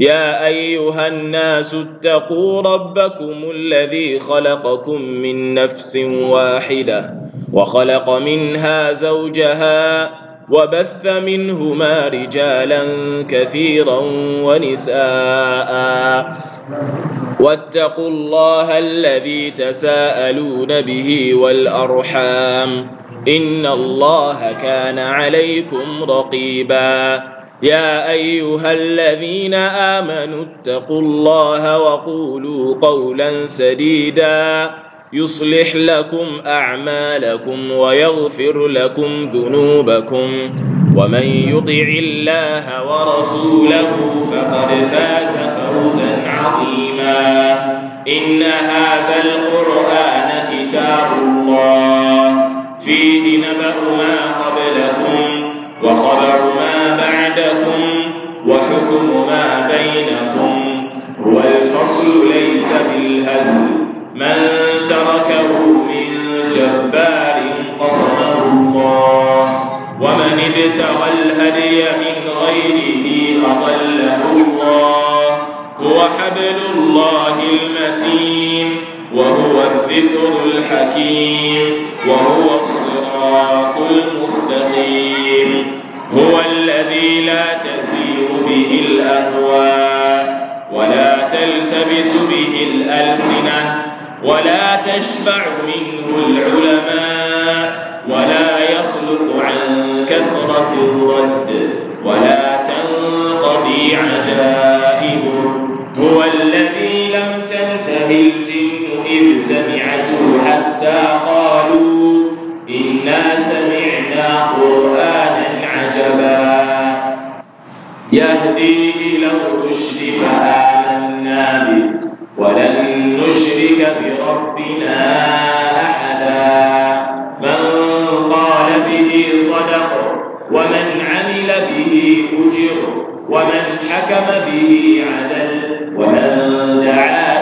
يا ايها الناس اتقوا ربكم الذي خلقكم من نفس واحده وخلق منها زوجها وبث منهما رجالا كثيرا ونساء واتقوا الله الذي تساءلون به والارحام ان الله كان عليكم رقيبا يا ايها الذين امنوا اتقوا الله وقولوا قولا سديدا يصلح لكم اعمالكم ويغفر لكم ذنوبكم ومن يطع الله ورسوله فقد فاز فوزا عظيما ان هذا القران كتاب الله فيه نبا ما قبلكم وخبر ما بعدكم وحكم ما بينكم والفصل ليس بالهدل من تركه من جبار قصده الله ومن ابتغى الهدي من غيره أضله الله هو حبل الله المتين وهو الذكر الحكيم وهو الصراط المستقيم هو الذي لا تثير به الأهواء ولا تلتبس به الألسنة ولا تشفع منه العلماء ولا يخلق عن كثرة الرد ولا تنقضي عجائبه هو الذي لم تنته الجن إذ سمعته حتى قالوا إنا سمعنا قرآنا عجبا يهدي إلى الرشد فآمنا به ولن نشرك بربنا أحدا من قال به صدق ومن عمل به أجر ومن حكم به عدل ومن دعا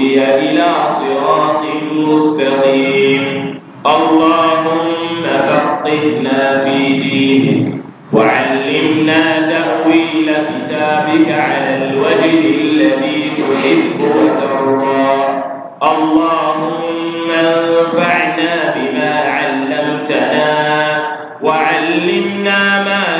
هدي إلى صراط مستقيم اللهم فقهنا في دينك وعلمنا تأويل كتابك على الوجه الذي تحب وترضى اللهم انفعنا بما علمتنا وعلمنا ما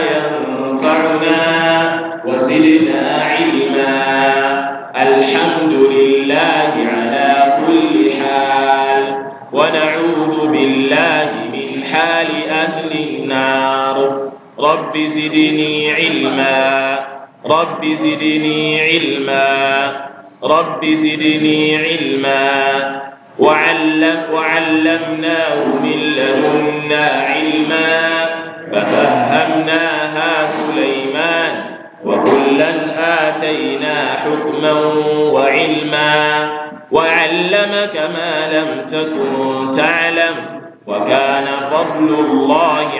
رب زدني علما رب زدني علما رب زدني علما وعلم وعلمناه من لدنا علما ففهمناها سليمان وكلا آتينا حكما وعلما وعلمك ما لم تكن تعلم وكان فضل الله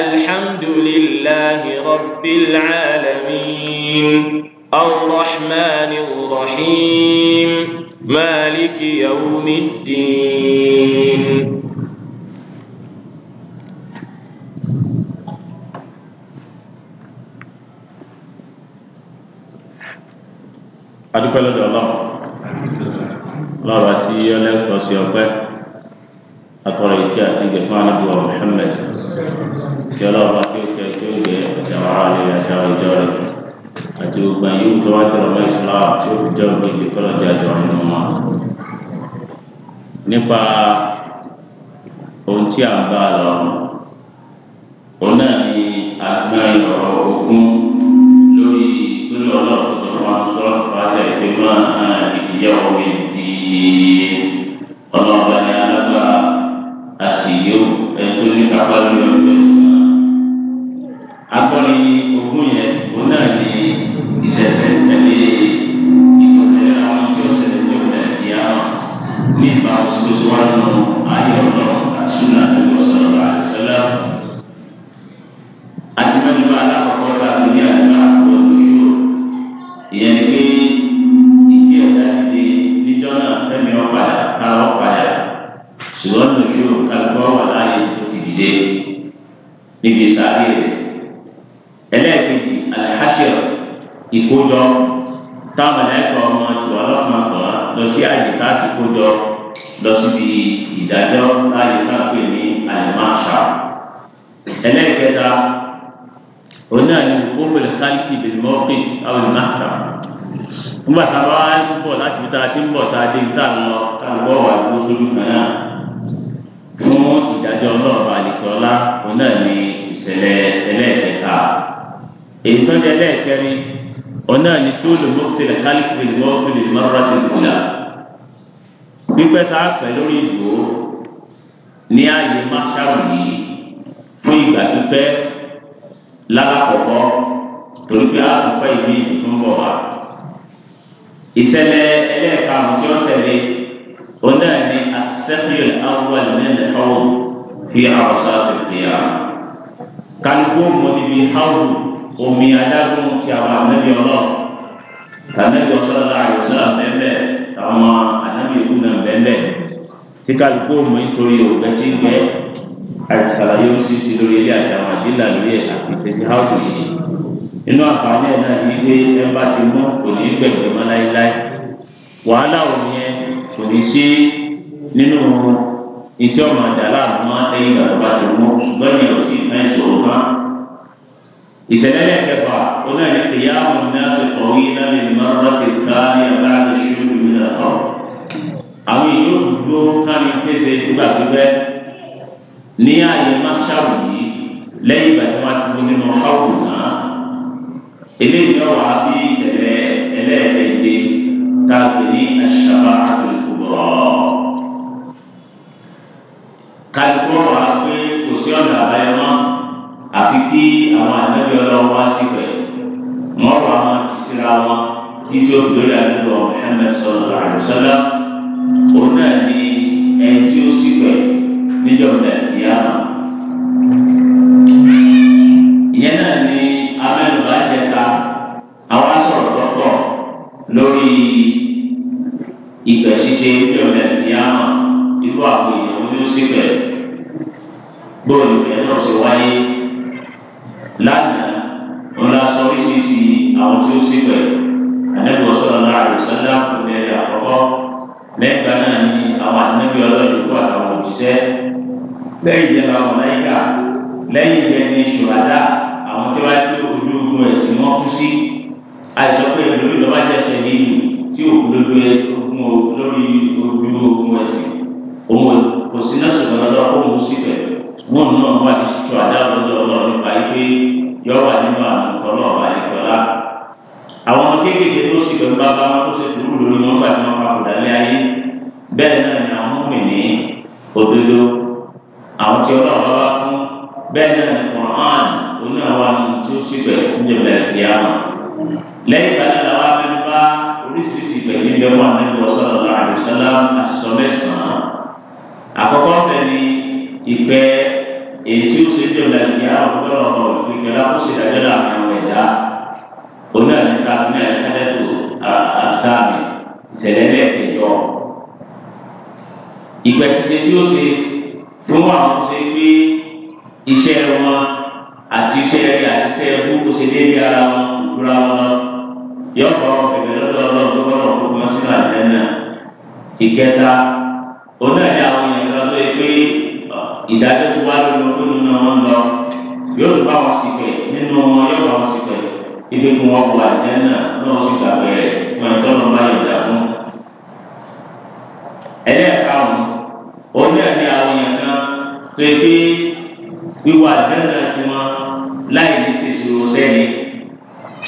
الحمد لله رب العالمين الرحمن الرحيم مالك يوم الدين أدوك الله الله راتي لك تسيبك أقرأ إكاتي جفان محمد kí ọlọ́run bá kí ó fẹ́ kí ó yẹ ọ̀sẹ̀ wọn àwọn ilé ẹ̀sẹ̀ wọn ìjọ rẹ̀ àti gbogbo ayé wù tó wá tẹ̀lé ọmọ Islam tí ó fi jẹ́ òkè ìdí kọ́lọ̀ jẹ́ àjọ nínú wọn. nípa ohun tí a ń bá a lọ òun náà ni agbọ́n ìrọ̀rọ̀ ogun lórí ìpínlẹ̀ ọlọ́run tó wá sọ́ọ́ pàṣẹ ìgbìmọ̀ ìdíyàwó mi di ọlọ́run ní alágbà àṣìyó ẹni ní kápá lórí ọ̀gbẹ́sì akọni ogun yẹn òun náà ní ìṣẹ̀ṣẹ̀ tẹ̀lé ìtòkẹ́lẹ́ àwọn tí ó ṣẹlẹ̀ ní ọ̀dà ìdí àwọn ní ìbáwọ̀ tó ti wá nù ayé ọ̀dọ̀ àti súnà tó lọ sọ̀rọ̀ àti sọ́lá àti mẹ́rin ìkójọ táwọn ẹ̀ka ọmọ tí ọlọ́kàn kan lọ sí àyè láti kójọ lọ síbi ìdájọ́ láyé náà pè ní àyèmáṣà. ẹlẹ́kẹta oní àyèwò kókòlè káàkiri bèrè mọ́kì àwọn ìmáṣà. nígbà tá a bá wáyé púpọ̀ láti fi tara tí ń bọ̀ tá a dé níta lọ kálukọ́ wà ló sójú kan náà. fún ìdájọ́ ọlọ́ọ̀bà àlèkọ́lá oní àyè ìṣẹ̀lẹ̀ ẹlẹ́kẹta. èyí tó jẹ́ ẹlẹ́kẹrin ọ̀nà ni tó lè mọ́ sílẹ̀ kálífì ni wọ́n fi lè mọ́ra sí ìgbìlá pípẹ́ tá a fẹ́ lórí ìgbò ní ààyè máṣáàrù yìí fún ìgbà pípẹ́ lálákọ̀ọ́kọ́ torí pé àtúntò ìbí tuntun bọ̀ wá ìṣẹ̀lẹ̀ ẹlẹ́ẹ̀karùn-ún tí ó ni asẹ́fìlì awọ́l nílẹ̀ ọ̀hún fi àwọ̀sá tó fi hàn kálífì ó hàwù omi adágún ti àwọn ànábì ọlọ́run tànábì ọ̀sọ́lá àyọ̀sọ́lá bẹ́ẹ̀ àwọn ànábì ìlú náà bẹ́ẹ̀ tí kálukú òmù nítorí òògbẹ́ tí ń gbẹ́ àti sàlàyé oríṣiríṣi lórí ilé àti àwọn àdílà lórí ẹ̀ àti ìṣẹ́jú háùdù yìí inú àǹfààní ẹ̀ náà ní pé ẹ bá ti mú kò ní gbẹ̀gbẹ̀ mọ́ láéláé wàhálà òun yẹn kò ní sí nínú ìjọ màdàlá àmọ́ ẹ̀yìn àgbà tó mú ṣùgbọ́n ìyàwó sì ìṣòro náà ìṣẹ̀lẹ̀ kẹfà ọ̀nà ìpìyà ọ̀nàṣẹ kọ̀wé lábẹ́ ìmọ̀ràn káàrí ọ̀gáàdì ṣùgbọ́n ìlú ọ̀. àwọn èèyàn gbogbo kámi pèsè nígbà tó bẹ́ ní ààyè máṣáwù yìí lẹ́yìn ìgbà tí wọ́n ti mú nínú ọ̀háwù náà. eléyìí ọ̀wà bí ìṣẹ̀lẹ̀ ẹlẹ́ẹ̀kẹ́dẹ́ táàgbé ní àṣàbà àgbègbè kálukú àfi tí àwọn ànábì ọlọ́wọ́ wá síbẹ̀ wọ́n wà wọn síra wọn títí ó dórí àdúgbò Muhammad sallallahu alaihi wasallam òun náà ní ẹni tí ó síbẹ̀ níjọba ìyáàmà. ìyẹn náà ní amẹ́nubá jẹta àwa sọ̀rọ̀ tọ́tọ̀ lórí ìgbẹ̀ ṣíṣe níjọba ìyáàmà irú àwọn èèyàn ó ní ó síbẹ̀ gbọ́dọ̀ ìgbẹ́ náà ṣe wáyé lánàá wọn la sọ oríṣiríṣi àwọn tí ó ṣe pẹ̀lú ànábì ọ̀sọ́rọ̀ láàrú sọ́dá ọ̀gbẹ́rẹ́ àkọ́kọ́ lẹ́gbàá náà ni àwọn ànábì ọlọ́dúnkọ́ àtàwọn òṣìṣẹ́ lẹ́yìn ìjẹba ọ̀láyíká lẹ́yìn ìjẹni ṣùgbọ́dá àwọn tí wọ́n ti ojú ogun ẹ̀sìn wọn kú sí àìsàn pé ìlú ìjọba jẹ́sẹ̀ nínú tí òkú lórí ojú ogun ẹ̀sìn òun kò sí náà ṣùgbọ́n lọ́dọ̀ ó mú sí pẹ̀lú wọn náà wà ní sítú adáwọlọ Ọlọ́run nípa ipe yọ wà nínú àbùkọ náà wà ní tọlá àwọn ọmọ kéékèèké tó sì pẹ̀lú bàbá wọn tó ṣe dúró lórí wọn gbà tí wọn papòdà lé ayé bẹ́ẹ̀ náà ni àwọn mú ní òdodo àwọn tí Ọlọ́run bá fún bẹ́ẹ̀ náà ni Quran oní àwọn àwọn tó sì pẹ̀lú ìjọba ìyá wọn lẹ́yìn ìgbà náà làwọn afẹnú bá oríṣiríṣi ìgbẹ̀jì ń bẹ wọn àti ìwọsọ lọ́wọ́ àdìsọlá ìfẹ́ èyí tí ó ṣe jẹ́ ọ̀làjì àwùjọ ọ̀nà ìpínlẹ̀ lákòóṣe ìdájọ́ láàrin àwọn ẹ̀dá oní àyíká ní àyíkálẹ́tò àtàmì ìṣẹ̀lẹ̀ lẹ́ẹ̀kẹjọ. ìgbẹ́síṣe tí ó ṣe fún àwọn ṣe pé iṣẹ́ wọn àti iṣẹ́ rẹ̀ àti iṣẹ́ ẹ̀kú kò ṣe déédéé ara wọn ìdúrà wọn yọ̀ọ̀kọ̀ ọ̀fẹ̀fẹ̀ lọ́dọ̀ ọlọ́run tó gbọ́dọ̀ kó wọn sínú àtẹ́nà ìkẹta oní àyíká àwọn ènìyàn lọ́dọ̀ pé ìdájọ́ ti wá lórí ọdún nínú wọn lọ yóò tún bá wọn sìkẹ̀ nínú wọn yóò bá wọn sìkẹ̀ ibi kí wọ́n wọ àjẹ́nà náà sì gbàgbé rẹ̀ fún ẹni tọ́lọ́ bá yọ̀ dá fún. ẹlẹ́ẹ̀ka ọ̀hún ó ní ẹ̀dí àwọn èèyàn kan tó yẹ pé wíwọ àjẹ́nà ti wọn láì ní ṣe sẹ́ni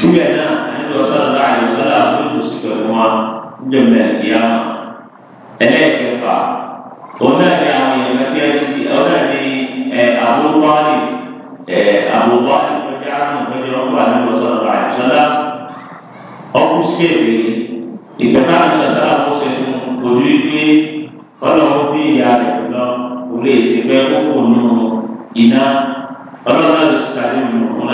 síbẹ̀ náà nígbà sọ̀rọ̀ náà àyọ̀sọ́lá fún ìtòsíkẹ̀ fún wa níjọba ẹ̀kíyà ní طالب أبو طالب فجعله فجره عن النبي صلى الله عليه وسلم أو مسكين إذا كان سلام مسلم وجودي فله فيه عليه الله وليس بينه وبينه إنا فلا نستعلم من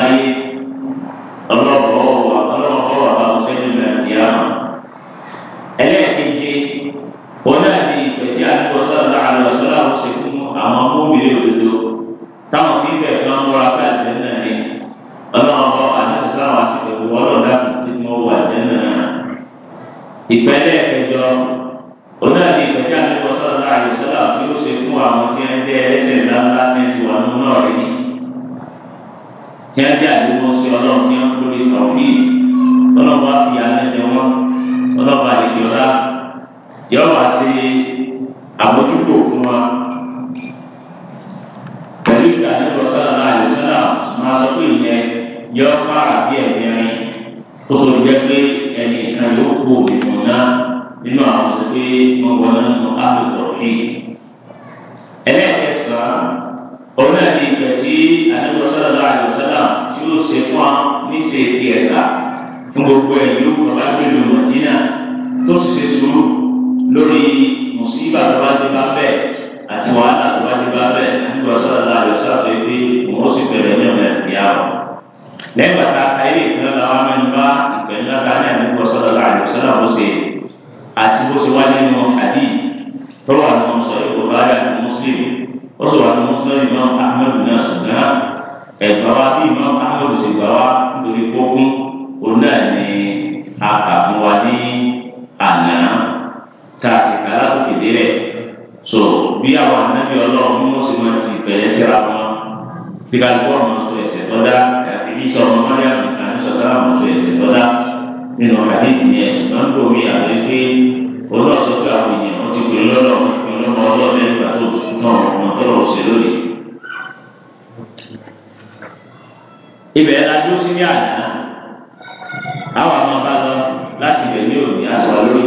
láti bẹ̀ ní òní aṣọ lórí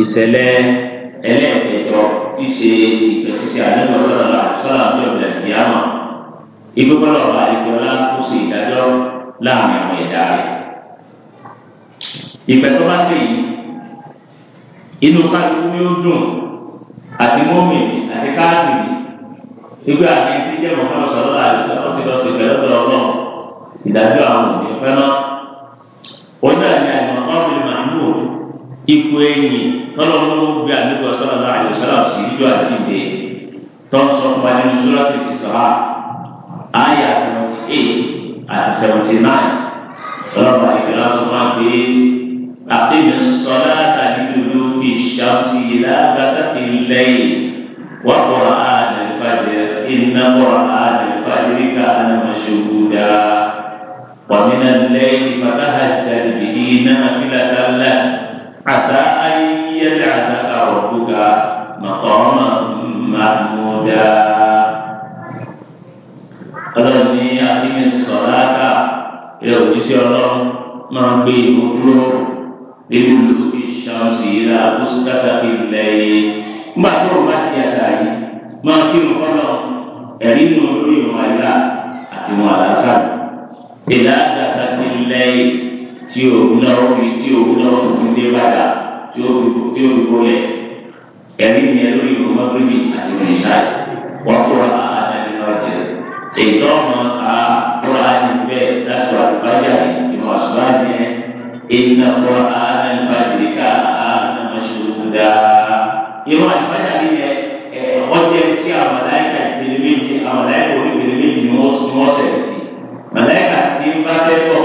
ìṣẹ̀lẹ̀ ẹlẹ́ẹ̀kẹjọ tí ṣe ìgbẹ́sísí àdéhùn ọ̀sọ́dọ̀lá sọ́dọ̀ àti ọ̀bẹ̀lẹ̀ kìámà ìgbẹ́gbọ́dọ̀ ọ̀la ìjọba kó ṣe ìdájọ́ láàrin àwọn ẹ̀dá rẹ̀. ìgbẹ́ tó bá ṣe yìí inú kálukú ni ó dùn àti mọ́mìnì àti káàdì ìgbẹ́ àti ìdíjẹ́ mọ̀ọ́kọ́ sọ́dọ̀ àti sọ́dọ̀ sí lọ́sẹ̀ pẹ̀lú ọ̀dọ̀ ọlọ́run ìdájọ́ àwọn wọn náà ní àìmọ̀kọ́ ọ̀bẹ màmú ikú ẹ̀yìn tọ́lọ́mú gbé àdúgbò sọ́lọ́lá àyọ̀sọ́lá sí ìjọ àdìdè tọ́sọ̀ pàdé mùsùlùmí tètè sọ́ra àyà seventy eight àti seventy nine tọ́lọ́mú àyọ̀sọ́lá tó máa gbé àtẹ̀yẹ sọ́lá àdìdúró bí ìṣàtì ìlà gbàtàkì lẹ́yìn wà kọ́ra àdìfàjẹ́ ìnáwó àdìfàjẹ́ ká àdìmọ̀ṣẹ́gbó dáa. ومن الليل فتهجد به نافلة له عسى أن يبعثك ربك مقاما محمودا ọlọ́run ní akíní sọ̀láàkà ilé òjíṣẹ́ ọlọ́run máa ń gbé ìlú dúró nínú ìlú ìṣàǹsì ìlà kóṣùkásàkì ilẹ̀ yìí nígbà tí wọ́n bá ti yàtà yìí máa kí wọn kọ́ lọ ẹ̀rí nù lórí ìwọ̀n àyíká àti wọn àlásàbò ìlà àgàtà ti lẹ́yìn tí òun náà ó fi tí òun náà ó fi dé padà tí ó fi tí ó fi bọ́lẹ̀ ẹ̀rí ni ẹ̀rọ ìlú mọ́tòmí àti mẹ́ṣá wọ́n kó wa àtàlẹ́ lọ́jọ́ ètò ọmọ àkúrò àdìbẹ́ lásìkò àdìbájà ìmọ̀ àṣùwà ni ìnà kọ́ àdìbájì ká àdìbáṣùdà ìmọ̀ àdìbájà ni ọjọ́ tí àwọn aláìka ìpele méjì àwọn aláìka orí ìpele méjì ni wọ́n sẹ̀ sí màláìka ti ń bá sẹ́kọ̀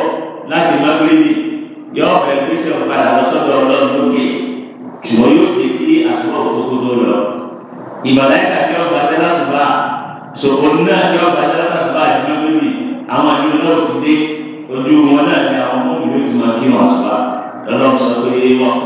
láti mágbélébì yọ ọ̀fẹ́ pèsè ọ̀padà lọ́sọ̀dọ̀ ọlọ́run lókè ṣùgbọ́n yóò dé kí àsùnwọ̀n tó kó tó lọ. ìbàdàn ìta tí ọba ṣe látùbà ṣòkò náà tí ọba ṣe látùbà àti mágbélébì àwọn àjò náà ti dé ojú wọn náà ni àwọn mọ́bìlì ti máa kí wọn àsùbà lọ́lọ́run sọ pé wọ́n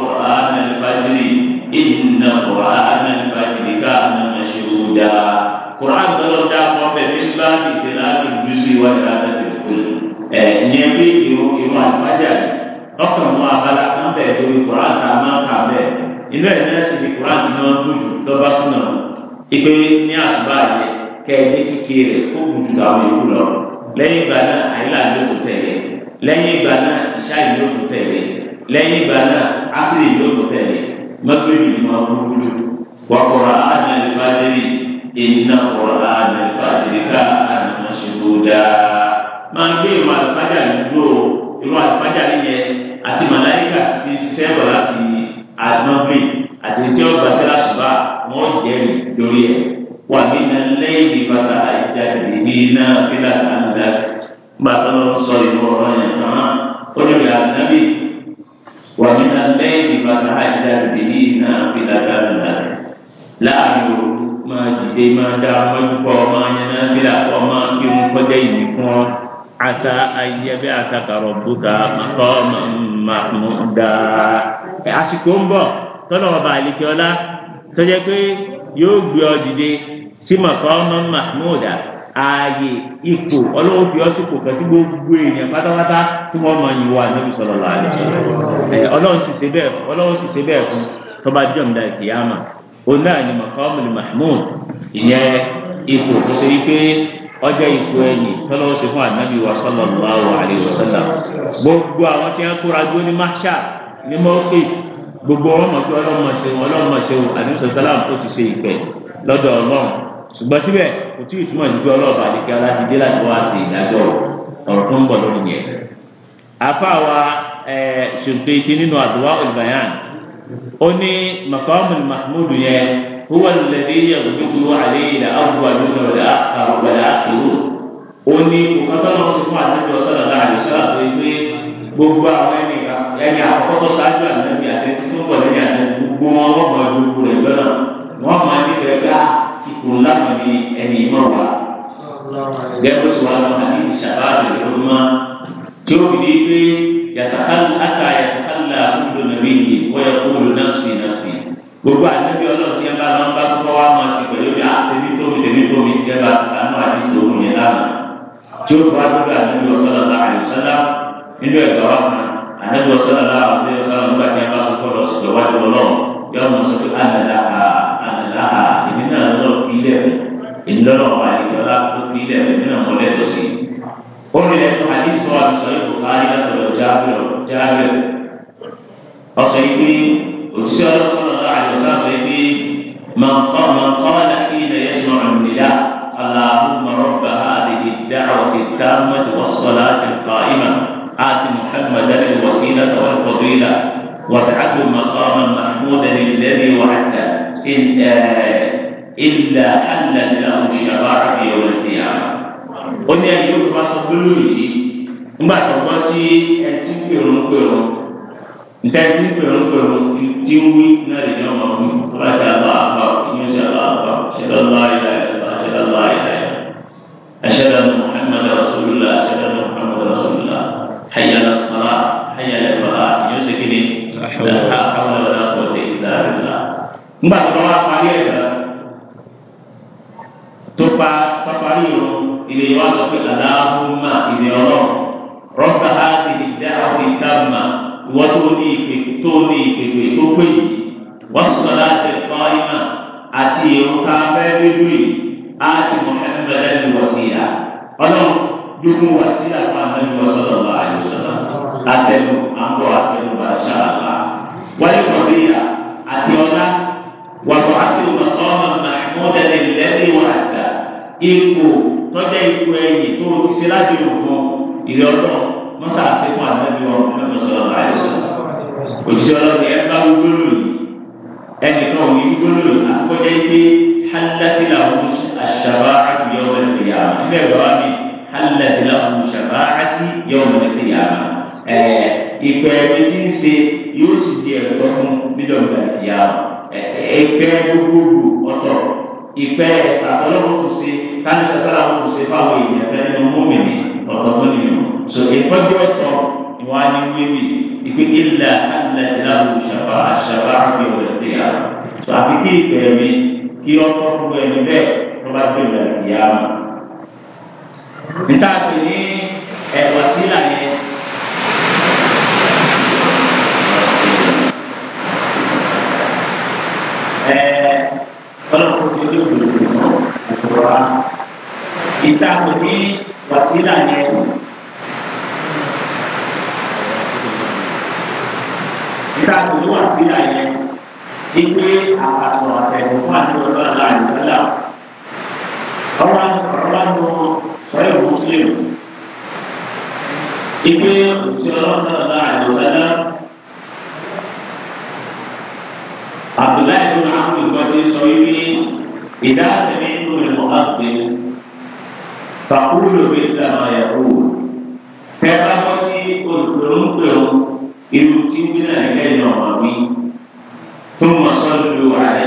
ọ̀sán wọn abala kan bẹ̀ lórí koran tá a máa kà bẹ́ẹ̀ inú ẹ̀ náà sì ni koran ti máa ń gbójú lọ́ba súnà ìpè ní àtúbà yẹ kẹ́ẹ̀dé kíkẹ́ rẹ̀ kó gbùdù àwọn ìlú lọ lẹ́yìn ìgbà náà àyílà ló kò tẹ̀lé lẹ́yìn ìgbà náà ìṣá ìlú kò tẹ̀lé lẹ́yìn ìgbà náà asiri ìlú kò tẹ̀lé mọ́tòlì ni wọ́n kú gbùdù wàkọ̀rọ̀ àdàlùfáàdìrì ìnà kọ̀rọ̀ àdàlùfáàdìrì ká àdàmọ̀ṣẹ́gbọ̀dà máa ń gbé àti màláyíkà ti ti ṣiṣẹ́ bọ̀ láti àdánbì àtẹ̀jẹ́ ọgbà sẹ́lá ṣùgbà wọ́n jẹ́rìí lórí ẹ̀ wà nínú lẹ́yìn bàtà àìjà ìdí náà fílà àǹdà bàtà lọ sọ ìwọ ọ̀rọ̀ yẹn tán ó lè rà nábì wà nínú lẹ́yìn bàtà àìjà ìdí náà fílà àǹdà láàrin òru máa dìde máa dá ọmọ ìdúpọ̀ máa yẹn náà fílà kọ́ máa kọjá ìdí fún ọ asa ayẹbẹ àtàkàrọ̀ bùkà màkọ́ màmúdà àsìkò ń bọ̀ tọ́lọ̀ ọba àlekẹ́ọ́lá tọ́jẹ́ pé yóò gbé ọ dìde sí màkọ́ màmúdà ààyè ipò ọlọ́wọ́ fi ọ́sìkò kan tí gbogbo èèyàn pátápátá tí wọ́n mọ ìwà ànábì sallallahu alaihi wasallam ọlọ́run sì bẹ́ẹ̀ ọlọ́run sì bẹ́ẹ̀ fún tọ́ba jọ̀ǹda ìkìyàmà òun náà ni maqamul mahmud ìyẹn ipò tó ṣe wípé ọjọ́ ìkú ẹ̀yìn tọ́lọ́wọ́ sí fún ànábì wa sallallahu alaihi wasallam gbogbo àwọn tí wọ́n kóra dúró ní máṣá ní mọ́ọ̀kì gbogbo ọmọ tí ọlọ́mọ ṣeun ọlọ́mọ ṣeun àdúgbò sálàm ó ti ṣe ìpẹ́ lọ́dọ̀ ọlọ́run ṣùgbọ́n síbẹ̀ kò tí ì túmọ̀ sí pé ọlọ́ọ̀bà àdìgẹ́ aládìdé láti wá sí ìdájọ́ ọ̀rọ̀ هو الذي يغبطه عليه الأول والآخر والآخر oni òkàtọ́nà wọn ti fún àdébí ọ̀sán àdá àdìsọ́lá tó yẹ pé gbogbo àwọn ẹnìkan ẹni àkọ́kọ́ tó ṣáájú àdébí àtẹ́tí tó pọ̀ lẹ́yìn àdébí gbogbo wọn wọ́n mọ ẹdùnkù rẹ̀ lọ́nà wọ́n máa ní bẹ́ẹ̀ bá kíkùn láwọn ní ẹni ìmọ̀ wa. gẹ́gẹ́ sọ wa lọ́nà ní ìṣàbá rẹ̀ ló mọ́ tí ó fi di pé yàtàkàlà àtàyàtàkàlà àbúrò nàbí yìí wọ́n yẹ kó lò náà sí náà gbogbo àtẹ́bí ọlọ́run tí ẹ bá lọ ń bá kọ́kọ́ wá máa ti pẹ̀lú bí àtẹ́bí tómi tèmi tómi jẹ́ bá sànú àdìsí òun yẹn lánàá tí ó bá dúró àtẹ́bí ọ̀sọ́lá náà àyùsọ́lá nínú ẹ̀gbọ́n wa kan àtẹ́bí ọ̀sọ́lá náà àtẹ́bí ọ̀sọ́lá nígbà tí ẹ bá kọ́kọ́ lọ sí ìwádìí ọlọ́run yọ ọmọ sọ pé ànàlá òṣìṣẹ́ ọlọ́sọ̀rọ̀ náà àyọ̀sá fẹ́ gbé mọ̀nkọ́ mọ̀nkọ́ láti ilẹ̀ yẹn sọ̀rọ̀ nílá aláhùnmọ̀ rọ̀bà àdìdì dáhùn ìta mẹ́tò wọ́sọ̀lá ìfà ìmọ̀ àti muhammed alẹ́ wọ́sílẹ̀ tọ́wọ́ ìfọ̀dúnilá وابعثه مقاما محمودا الذي وعدته إلا إلا حلت له الشفاعة يوم القيامة. قل يا أيها الناس كلهم يجي. ما تقول أنت في ntẹ́tí pẹ̀lúpẹ̀lú tí ń wí náà lè yàn máa wí ọba tí a bá àbá ìyẹn ṣe àbá àbá ṣẹlẹ láyà ṣẹlẹ láyà ẹṣẹlẹ muhammed rasulillah ṣẹlẹ muhammed rasulillah hayala sara hayala fara ìyẹn ṣe kéde àwọn ọ̀dà kọ̀ọ̀dé ìdárayà. ngbà tó wá parí ẹ̀dá tó pa pápárí o ilé wa sọ pé aláhùnmá ilé ọlọ́run rọ́bà á ti dá àwọn ìta mọ́ ìwọ́n tó ní ìpèpè tó ní ìpèpè tó pé yìí wọ́n sì sọ láti ẹ̀kọ́ ìmọ̀ àti ìrún ká fẹ́ lójú yìí á ti mọ̀ ẹ̀fẹ́ lẹ́nu wọ̀ sí ìyá ọlọ́run dúkùn wà sí àpá mẹ́rin wọ́n sọ̀rọ̀ lọ àyọ̀sọ̀rọ̀ látẹnu àbọ̀ àtẹnu bàrà ṣáàlà wáyé kọ̀ọ̀bí àti ọ̀la wàtò àti ọ̀tọ̀ màmúdẹ̀lẹ̀ lẹ́yìn wà dà ipò tọ́jà ipò ẹ̀yìn tó ti ṣe láti rò fún ìrẹ́ ọlọ́run mọ́sá àṣepọ̀ ànábi wọn mẹ́tọ̀ sọ̀rọ̀ láyé sọ. òjijì ọlọ́run ẹ bá wú gbólóyè ẹnìkan ò ní gbólóyè àkọ́jẹ́ pé hálàtí làwọn àṣàbá àti yọ̀wọ̀ ẹ̀dẹ̀yà níbẹ̀ bá mi hálàtí làwọn àṣàbá àti yọ̀wọ̀ ẹ̀dẹ̀yà ẹ̀ ìpẹ́ ẹni tí ń ṣe yóò sì di ẹ̀tọ́ fún bídọ̀gbà ìyá ẹgbẹ́ gbogbogbò ìpẹ́ ẹ̀sà ọlọ́run kò ṣe táyọ̀ fáwọn èèyàn tẹ́lẹ̀ mọ́mìnì ọ̀tọ̀ tó so ìtọ́jú ọ̀tọ̀ ìwà ni wíwí ìpè ilẹ̀ alẹ́ ìlànà ìṣàbà àṣàbà àmì òrẹ̀lẹ̀ yà so àfi kí ìpè mi kí ọkọ̀ fún ẹni bẹ́ẹ̀ tó bá gbé ìlànà ìyá mi. níta sì ní ẹ̀wọ̀ sílà yẹn. Kalau begitu dulu, al kita beri wasilah níta kò ní wà sí àyẹ ipe àpapọ̀ àtẹ̀wò fún àdúgbò náà láàyè sọ́lá ọ̀rọ̀ ọ̀rọ̀ nù sọ́yìn muslim ipe òṣèlú náà láàyè sọ́lá abdullahi bin ahmed gbọ́dọ̀ sọ wípé ìdásẹ̀ nínú ìmọ̀ àgbẹ̀ fàkúrò bí ìlànà yahoo tẹ́ bá bọ́ sí olùkọ́ ń pè ọ́ irú tí ń gbé náà nílẹ̀ náà wà wí tó mọ̀ sọ́dọ̀ ló wà rẹ̀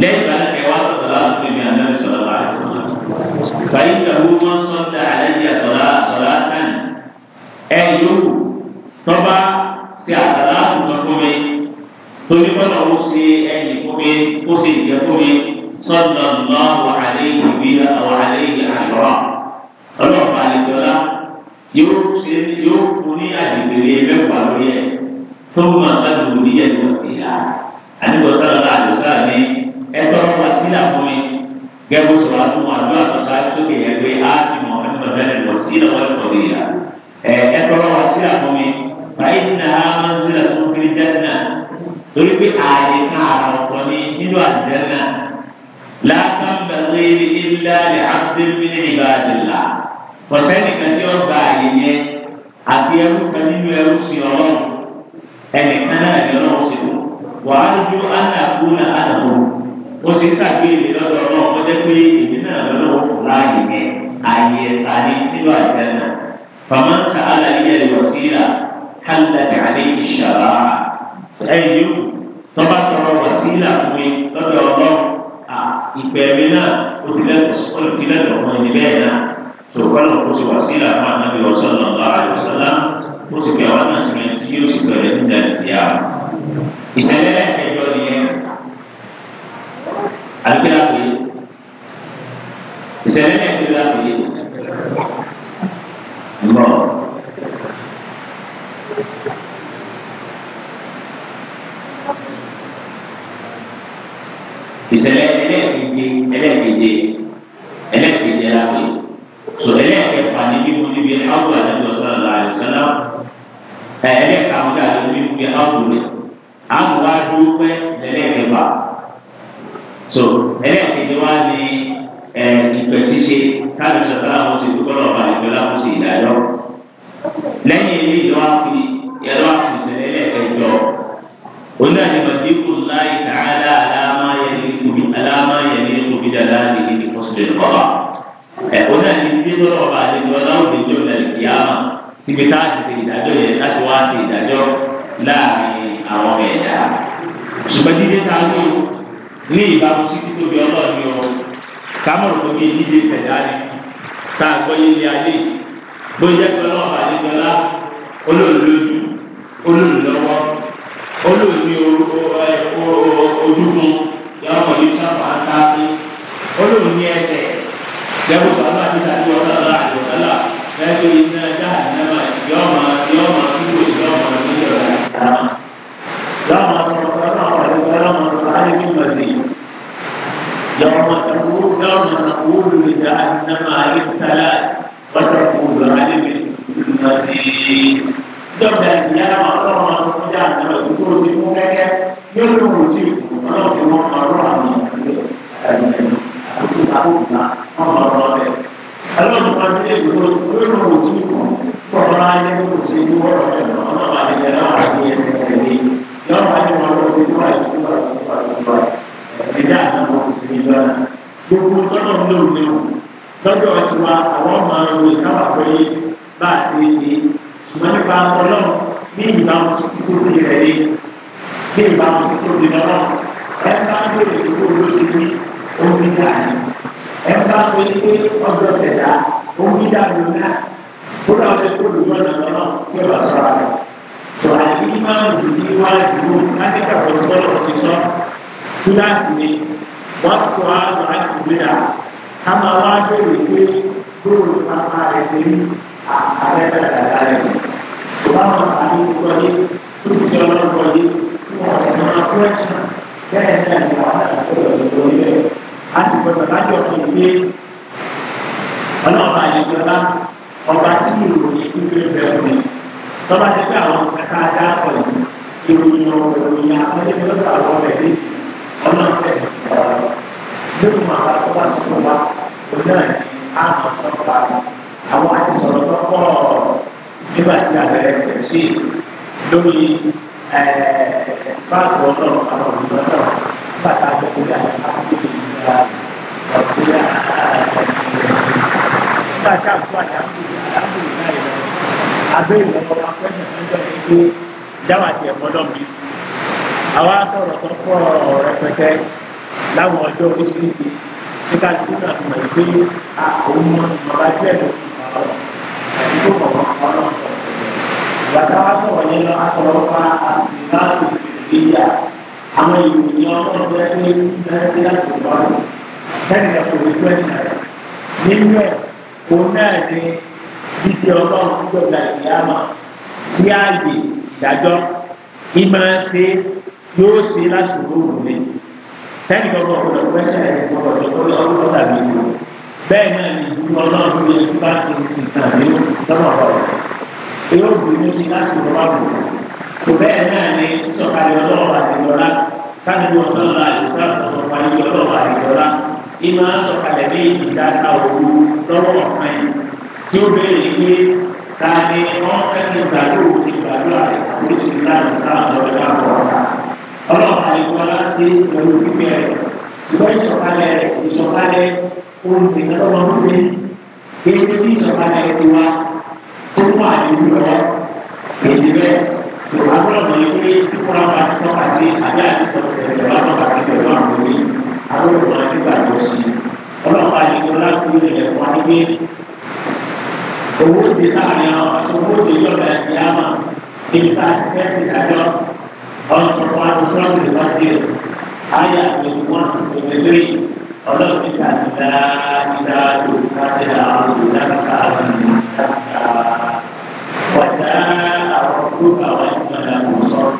lẹ́yìn bá lẹ́yìn wá sọ̀tọ̀ láti pè mí àná sọ̀rọ̀ bá rẹ̀ sọ̀rọ̀ báyìí ìgbàgbọ́ wọn sọ̀tọ̀ àlẹ́yìn àsọ̀rọ̀ àsọ̀rọ̀ àtàn ẹ̀ yòówù tọ́ba ṣe àsàlá àtúntò fún mi torí bọ́lá ó ṣe ẹ̀yìn fún mi ó ṣe ìjẹ́ fún mi sọ̀tọ̀ lọ́wọ́ àlẹ́yìn ìbí àwọn àlẹ́yìn àṣọ yóò ṣe yóò fún ní àdìgbèrè mẹ́wàá lórí ẹ̀ tó máa sábà lórí ẹ̀ lọ sí ìlà àdìgbòsára àdìgbòsára ní ẹgbẹ́ ọ̀rọ̀ sílà fún mi gẹ́gbó sọ̀rọ̀ àtúnwò àdúrà àtúnṣá sókè yẹn pé á ti mọ̀ ẹgbẹ́ bẹ́ẹ̀ lọ sí ìlà wọn lọ ìlà ẹgbẹ́ ọ̀rọ̀ sílà fún mi báyìí nà á máa ń sílà tó kiri jẹ́nà torí pé ààyè náà àrà ọ̀tọ̀ ní nínú àjẹ́nà látàmbẹ̀rẹ̀ kọ̀sẹ́nìkan tí ó gba àyè yẹn àti ẹrú kan nínú ẹrú sí ọlọ́run ẹnìkan náà ní ọlọ́run sí fún wàá ju ánàkú náà ánàkú ó sì ń sàgbéyèlé lọ́dọ̀ ọlọ́run ó jẹ́ pé èmi náà lọ́lọ́run kò láàyè yẹn àyè ẹ̀sà ní nínú àjẹ́ náà fàmà ń sa alàyè ẹ̀ sí ìlà hàlàdì àlẹ́ ìṣàlá ẹ̀yìn yóò tọ́ba tọrọ wọ̀ sí ìlà fún mi lọ́dọ̀ ọlọ́run ìpẹ̀rẹ̀ náà ó ti lẹ́tọ̀ọ́ sọ̀kọ́lọ̀ kó ti wà sí ìlànà ànábi ọ̀sán ọ̀gá àlùsọ́lá ó ti pè àwọn náà sílẹ̀ tí yóò ti bẹ̀rẹ̀ nígbà ìyá. ìṣẹ̀lẹ̀ ẹ̀jọ́ nìyẹn àgbélápè ìṣẹ̀lẹ̀ ẹ̀jọ́lápè ńlọ. ìṣẹ̀lẹ̀ ẹlẹ́ẹ̀keje ẹlẹ́ẹ̀keje. wípé áwù àdúgbò sọ̀rọ̀ láàyè sọ́lá ẹ̀ẹ́dẹ́gbẹ̀ta àwọn àdúgbò wípé áwù rẹ̀ áwù wá dúró pẹ́ lẹ́lẹ́kẹ̀ẹ́fà so ẹlẹ́kẹ̀ẹ́fà wá ní ìpè ṣíṣe káàdùn sọ̀tàlá àwọn oṣù tó kọ́lọ̀ ọ̀bà ìjọba àwọn oṣù ìdájọ́ lẹ́yìn ilé ìjọba fi yàrá ìṣẹ̀lẹ̀ ẹlẹ́kẹ̀ẹ́jọ onídàájọ́ màdínkù láì tààlà aláàmáyẹ̀lẹ́ kùbí aláàmáyẹ̀lẹ́ kùbí dàdá nìyí ní kọ́sùlẹ̀ kọ́lá ẹ o náà ní bí tó lọ́wọ́ bá a lè lọ láwọn òdìjọ́ ìlànà ìyáàmà síbi tá a ti ṣe ìdájọ́ yẹn láti wá ṣe ìdájọ́ láàrin àwọn ẹ̀dá. ṣùgbọ́n dídé ta ló ní ìbámu sí títóbi ọlọ́ọ̀ni o kámọ̀rún tó bí dídé tẹ̀dá ni tá a gbọ́ yẹn ní alẹ́ bóyá tó lọ́wọ́ bá a lè lọ lá olóòlójú olóòlọ́wọ́ olóòní jẹ́wọ́ bàbá àti sàdúrà sàlá àdùsálà lẹ́gbẹ̀ẹ́ iná dáhàdámà yọ̀ọ̀mà yọ̀ọ̀mà kíkó sí yọ̀ọ̀mà níjọba àdùsálà. yọ̀ọ̀mà sọ̀rọ̀ yọ̀ọ̀mà àdùsálà yọ̀ọ̀mà sọ̀rọ̀ àdùsálà yọ̀ọ̀mà sọ̀rọ̀ يوم تقول يوم نقول لجهنم عن الثلاث وتقول عن المسيح dɔbɛ ya ma lɔrɔ ma ko ko jaa dɔbɛ ko ko ti mun kɛ kɛ yɔrɔ yɔrɔ ti ko ma lɔrɔ ti mun ma lɔrɔ ma. ìtàkùn kan wọn lọ lọ bẹ ọlọ́run kan ní èdè ló ló ló ti kàn kọ̀ọ̀rọ̀ ayé ló ti di wọ́ọ̀rọ̀ rẹ̀ lọ ọlọ́run àdìyẹ náà àti ẹsẹ̀ tẹ̀lé yọ̀ọ́ máa ní wọn lọ sí ìwà ìtura ìtura ìtura ìdá àwọn òṣèlú náà gbogbo tọ́lọ̀ ń lò ní o lọ́jọ́ tiwa àwọn ọmọ ẹ̀rọ ìkáwà pé bá a ṣe é ṣe ṣùgbọ́n nípa ọlọ́run ní ìbámu sí kíkóbi rẹ̀ ní ní ìbámu sí kíkóbi náà ẹ̀ bá ń lò ní kíkóbi ó ṣe ní omi dáa ní ẹ bá pé pé ọjọ́ tẹ̀dá omi dàrú náà ó lọ bẹ kó lùmọ̀ lọ́nà tí ó bá sọ̀rọ̀ rẹ̀ tó àyè máa ń dùn ní wá dùn láti kàwé sọ́nà sísọ́ kíláàsì ni wọ́n tó a lọ àti gbéra ká máa wá bẹ̀rẹ̀ pé bóòlù pápá rẹ̀ ṣe rí ààrẹ dàgbà rẹ̀ tó bá wọn àti ìkọ́lé tó ti ṣe ọlọ́kọ́lé tí wọ́n ti máa fún ẹ̀ṣin bẹ́ẹ̀ náà a sì gbọdọ̀ lájọ tó ń gbé ọlọ́ọ̀bá àyẹ̀jọba ọba tí mo lò ní ìpínlẹ̀ bẹ̀rù mi tọ́ba ti gbé àwọn kẹta ajá pọ̀ yìí ìròyìn ọ̀rọ̀ ìròyìn àpẹẹrẹ tó bá wọ bẹ̀ dé ọlọ́ọ̀fẹ́ lórí mọ̀ àwọn tó bá sọ̀rọ̀ wa òun náà ní àmọ̀ sọ̀rọ̀ wa àwọn àti sọ̀rọ̀ tó pọ̀ nígbà tí a bẹ̀rẹ̀ bẹ̀rẹ̀ sí lórí ẹ̀ẹ́dẹ́gbàgbọ́ náà àwọn òyìnbó náà bàtà àgbẹ̀kọ̀ àbẹ́yìn ọ̀rọ̀ tó pọ̀ rẹpẹtẹ láwọn ọjọ́ oríṣiríṣi nígbà tí wọ́n ti mọ̀ pé àwọn ọmọ ìmọ̀lá díẹ̀ ló ti fà ọ́ àti tó kọ̀ wọ́n kọ́ lọ́sọ̀rọ̀. ìgbà táwa sọ̀rọ̀ yẹn lọ asọ̀rọ̀ fa àṣìláàlú ìgbéyà àwọn ènìyàn ọlọ́run rẹ ní ìgbésí láti wá lẹ́yìn ẹ̀kọ́ ìlú ẹ̀sìn rẹ̀ nínú ẹ̀ òun náà ní dídí ọlọ́run gbọ̀gbà ìyáàmà sí ààyè ìdájọ́ ìmọ̀ ṣe yóò ṣe láti lóòrùn mi lẹ́yìn ọgbọ̀n ọ̀rọ̀ ìgbésẹ̀ rẹ̀ ọ̀rọ̀ ọ̀rọ̀ tàbí ìlú bẹ́ẹ̀ náà ní ìlú ọlọ́run yẹn bá ti ìtàn nínú lọ́wọ́ ọ̀rọ̀ èyí ò bẹ́ẹ̀ náà ni sọ̀kalẹ̀ ọlọ́run àdìgbọ́lá káàdì ọ̀sánlá àdìgbọ́lá ọ̀sánlá ọlọ́run àdìgbọ́lá iná sọ̀kalẹ̀ ní ìdáta òru lọ́rọ̀ ọ̀kan yìí tí ó bẹ̀rẹ̀ pé ta ni wọ́n fẹ́ ní ìgbàlú ìgbàlú àdìgbọ́lá láti sáàtọ̀ ọ̀dọ́ ọlọ́run àdìgbọ́lá sí pẹ̀lú pípẹ́ rẹ̀ ṣùgbọ́n ìsọ̀kalẹ̀ ìsọ̀kalẹ̀ olùdíkàlọ́mọ́sí kì í ṣe bí ìsọ̀kalẹ̀ àwọn ọmọ yìí pé kúkúrá máa ń tọ́ka sí ajá ìtọ́jú ẹ̀rọ lọ́wọ́ àti pẹ̀lú àwọn òwe àwọn ọmọ yìí gbàgbọ́ sí i ọlọ́pàá yìí ló láti ní ilẹ̀ fún owó ti sáàrin àwọn owó ti yọ̀ọ̀dà ẹ̀dí àmà níbi tá a ti fẹ́ sí ìdájọ́ ọ̀sọ̀rọ̀ wa ló sọ́ọ́ lè wá sí ẹ̀ ayé àgbẹ̀ wọn ti tẹ̀lé lé ọlọ́ọ̀tì kàdìdá ìdá olùkàdé àwọn olùdá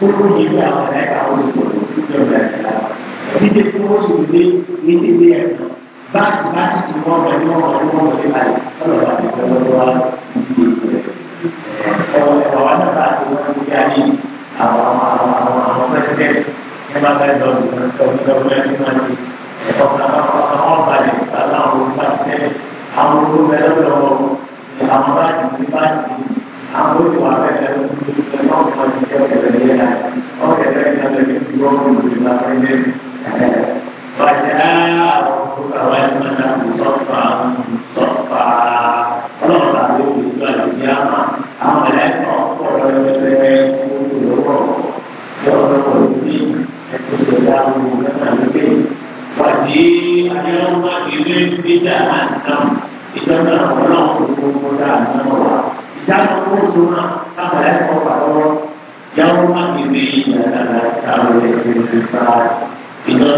kókó yìí ní àwọn ẹ̀ka oṣù tó lọ ẹ̀ka títí tí wọ́n ti gbé ní ti gbé ẹ̀ka báàtì báàtì ti wọ́n bẹ̀ ní wọ́n bẹ̀ ní wọ́n bẹ̀ báyìí ọlọ́wà ti bẹ̀ lọ́wọ́ wa ọ̀rọ̀ ẹ̀wà wa náà báàtì wọ́n ti gbé ayé àwọn àwọn àwọn àwọn pẹ́sidẹ̀ntì ẹ̀ máa bẹ̀ lọ ọ̀gbìn ọ̀gbìn ẹ̀sìn máa ti ọ̀gbìn àwọn balẹ̀ àwọn olùpàṣẹ àwọn olùpàṣẹ lọ́wọ́ àwọn báàtì àwọn olùwà pẹ̀lẹ́ ẹ̀fọ́ kan ti tẹ́ ọ̀kẹ́lẹ́ yẹn náà ọ̀kẹ́lẹ́ yẹn náà lè fi wọ́n kó lórí ma fẹ́ lé bàjẹ́ àwòkúta wa ni wọn náà kò sọ́fà sọ́fà ọlọ́ọ̀ta ló kò tó àdìsí àmà àwọn ẹ̀lẹ́kọ̀ ọ̀pọ̀lọ́ ẹgbẹ́ olùdókòwò lọ́wọ́ kò sí ẹ̀kúṣe dáhùn mẹ́ta lókè wàdí ayélujára ìlú ìgbéjà àti ìjọba ọlọ́ọ̀kọ̀ gbogbo dáa náà wà jangan kusuma apalagi kalau yang ini adalah kalau kita kita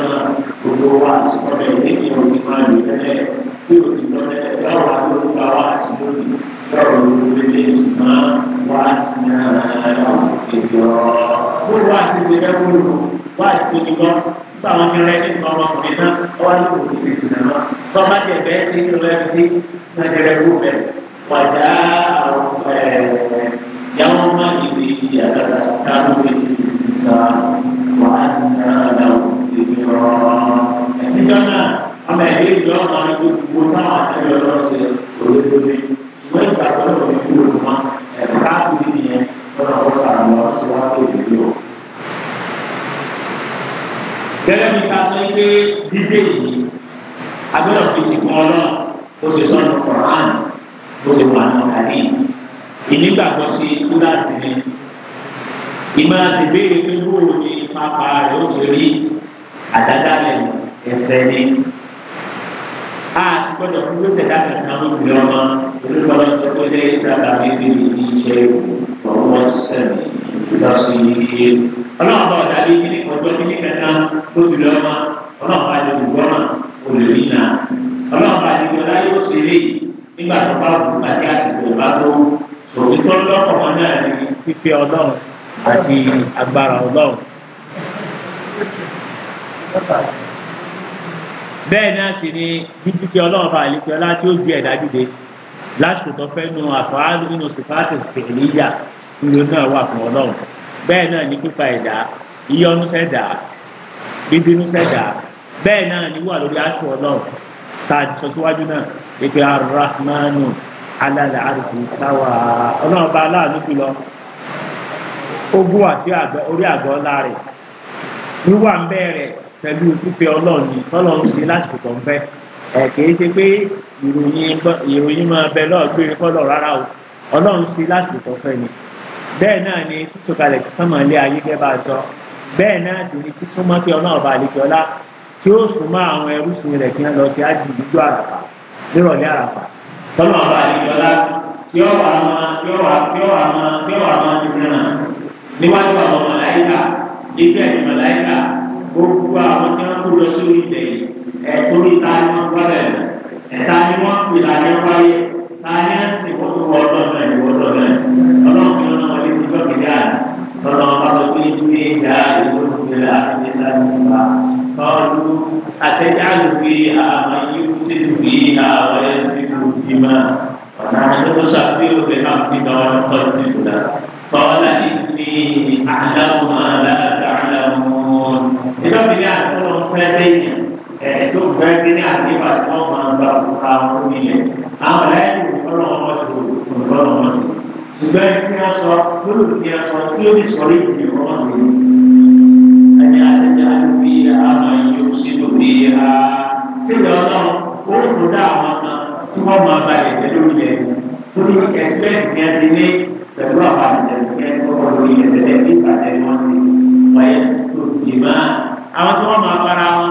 berdoa seperti ini yang semua di sana itu sebenarnya kalau ada bawa seperti kalau ini semua wajahnya itu berdoa secara dulu wajib juga táwọn yẹn lẹ́yìn tó ọmọ ọkùnrin náà wọ́n á lò ó ti sinimá tó bá jẹ bẹ́ẹ̀ sí ìrọ̀lẹ́ sí nàìjíríà wù bẹ́ẹ̀ wàdà yàwọn má ìwé ìdí àgàtà kánú ìdí ìsà wà á nà làwọn ìdí rọ. ẹnìjọ náà ọmọ ẹgbẹ́ ìjọ náà ní gbogbo táwọn àtẹ̀yọ lọ sí olódodo ìwé ìgbàgbọ́ náà ní kúrò mọ́ ẹ̀ka ìdí yẹn lọ́nà ọ̀sán lọ sí wá tó ìdí o. gẹ́gẹ́ bí ká sọ pé dídé yìí agbẹ́rọ̀ fi ti kún ọ náà ó ti sọ̀rọ̀ kọ̀ọ̀rán ó ti wà nù kàdí. ìnígbàgbọ́ sí kúrò àti ní. béèrè pé bóòlù ni pápá rẹ̀ ó ti rí àdádálẹ̀ ẹsẹ̀ ni. a sì gbọ́dọ̀ fún gbèsè dákẹ́ kan lóbi ọmọ olùkọ́ lọ́jọ́ tó dé sábà bíbí ní iṣẹ́ ọ̀rọ̀ sẹ́mi lọ́sọ̀ yìí. ọlọ́run bá ọ̀dà bíi kíní ọjọ́ kíní kẹta lóbi ọmọ ọlọ́run bá jẹ olùgbọ́n olùrí nígbà tó bá wù àti àsìkò bá tó òfin tó lọ́kọ̀ mọ́ náà ní fífẹ́ ọlọ́run àti agbára ọlọ́run. bẹ́ẹ̀ náà sì ni bíbí ti ọlọ́run bá àlejò ọlá tí ó ju ẹ̀dá dìde lásìkò tó fẹ́ nu àfọwálù nínú sípáàtì fèlíyà nínú náà wà fún ọlọ́run bẹ́ẹ̀ náà ni pípa ẹ̀dá ìyọnu sẹ́dá bíbínú sẹ́dá bẹ́ẹ̀ náà ni wà lórí aṣọ ọlọ́run tá a ti sọ síwájú náà wípé arahmanu alálẹ̀ àrùkù sáwà ọlọ́run bá aláàánú jùlọ ó bú àti orí àgọ́ ọlá rẹ̀ wíwà ń bẹ̀rẹ̀ pẹ̀lú fífẹ́ ọlọ́run ní tọ́lọ́run láti kọ̀ ń bẹ́ ẹ̀ kìí ṣe pé ìròyìn máa bẹ lọ́ọ̀gbé kọ́lọ̀ rárá o ọlọ́run ti láti kọ̀ fẹ́ ni bẹ́ẹ̀ náà ni sísọ̀kalẹ̀ sísọ̀mọ̀lẹ́ ayé gẹ́gẹ́ bá a sọ bẹ́ẹ̀ náà sì ni sísúnmọ́ sí ọlọ́run bá àlejò ọlá tí ó sùn mọ́ àwọn ẹrú rẹ̀ kí wọ́n lọ sí ájì ìdíjọ́ àràpá nírọ̀lẹ́ àràfà tọ́lá ọba àdìgbọ́lá tí ó wà máa tí ó wà tí ó wà máa tí ó wà máa sí fún náà níwájú àwọn màláìkà ibi ẹ̀yìn màláìkà gbogbo àwọn tí wọ́n kú lọ sí orí ìtẹ̀ yìí ẹ̀ torí ta ni wọ́n gbọ́ bẹ̀rẹ̀ ẹ̀ ta ni wọ́n pè ta ni wọ́n wáyé ta ni wọ́n sì wọ́n tó wọ́n lọ náà ìwọ́n lọ náà ọlọ́run fi wọn wọlé ti gbọ́ kéde àná tọ́lá ọba lọ قالوا أتجعل فيها من يفسد فيها ويسفك الدماء ونحن نسبح بحمدك ونقدس لك قال إني أعلم ما لا تعلمون إذا بنا أقول فاتينا ẹ̀ẹ́dùn bẹ́ẹ̀ bí ní àdébà tí wọ́n máa ń gba òkúta ọmọ nílẹ̀ àwọn ẹ̀ẹ́dùn ìfọ́nà ọmọ sòrò ìfọ́nà ọmọ sòrò ṣùgbọ́n ẹni tí wọ́n sọ lórí tí wọ́n sọ kí ló ní sọ lórí ìfọ́nà ọmọ sòrò sílò bí i ha sílò ọlọ́run ó kó dá àwọn kan tí wọ́n máa balẹ̀ jẹ́ lórí rẹ̀ lórí ẹ̀sìpẹ́ẹ̀sì yẹn ti ní pẹ̀lú àwọn àtẹ̀sí yẹn tó wọ́n lórí ẹ̀sẹ̀lẹ̀ bí ìpàdé wọn sí wáyé tó dì má àwọn tí wọ́n máa para wọn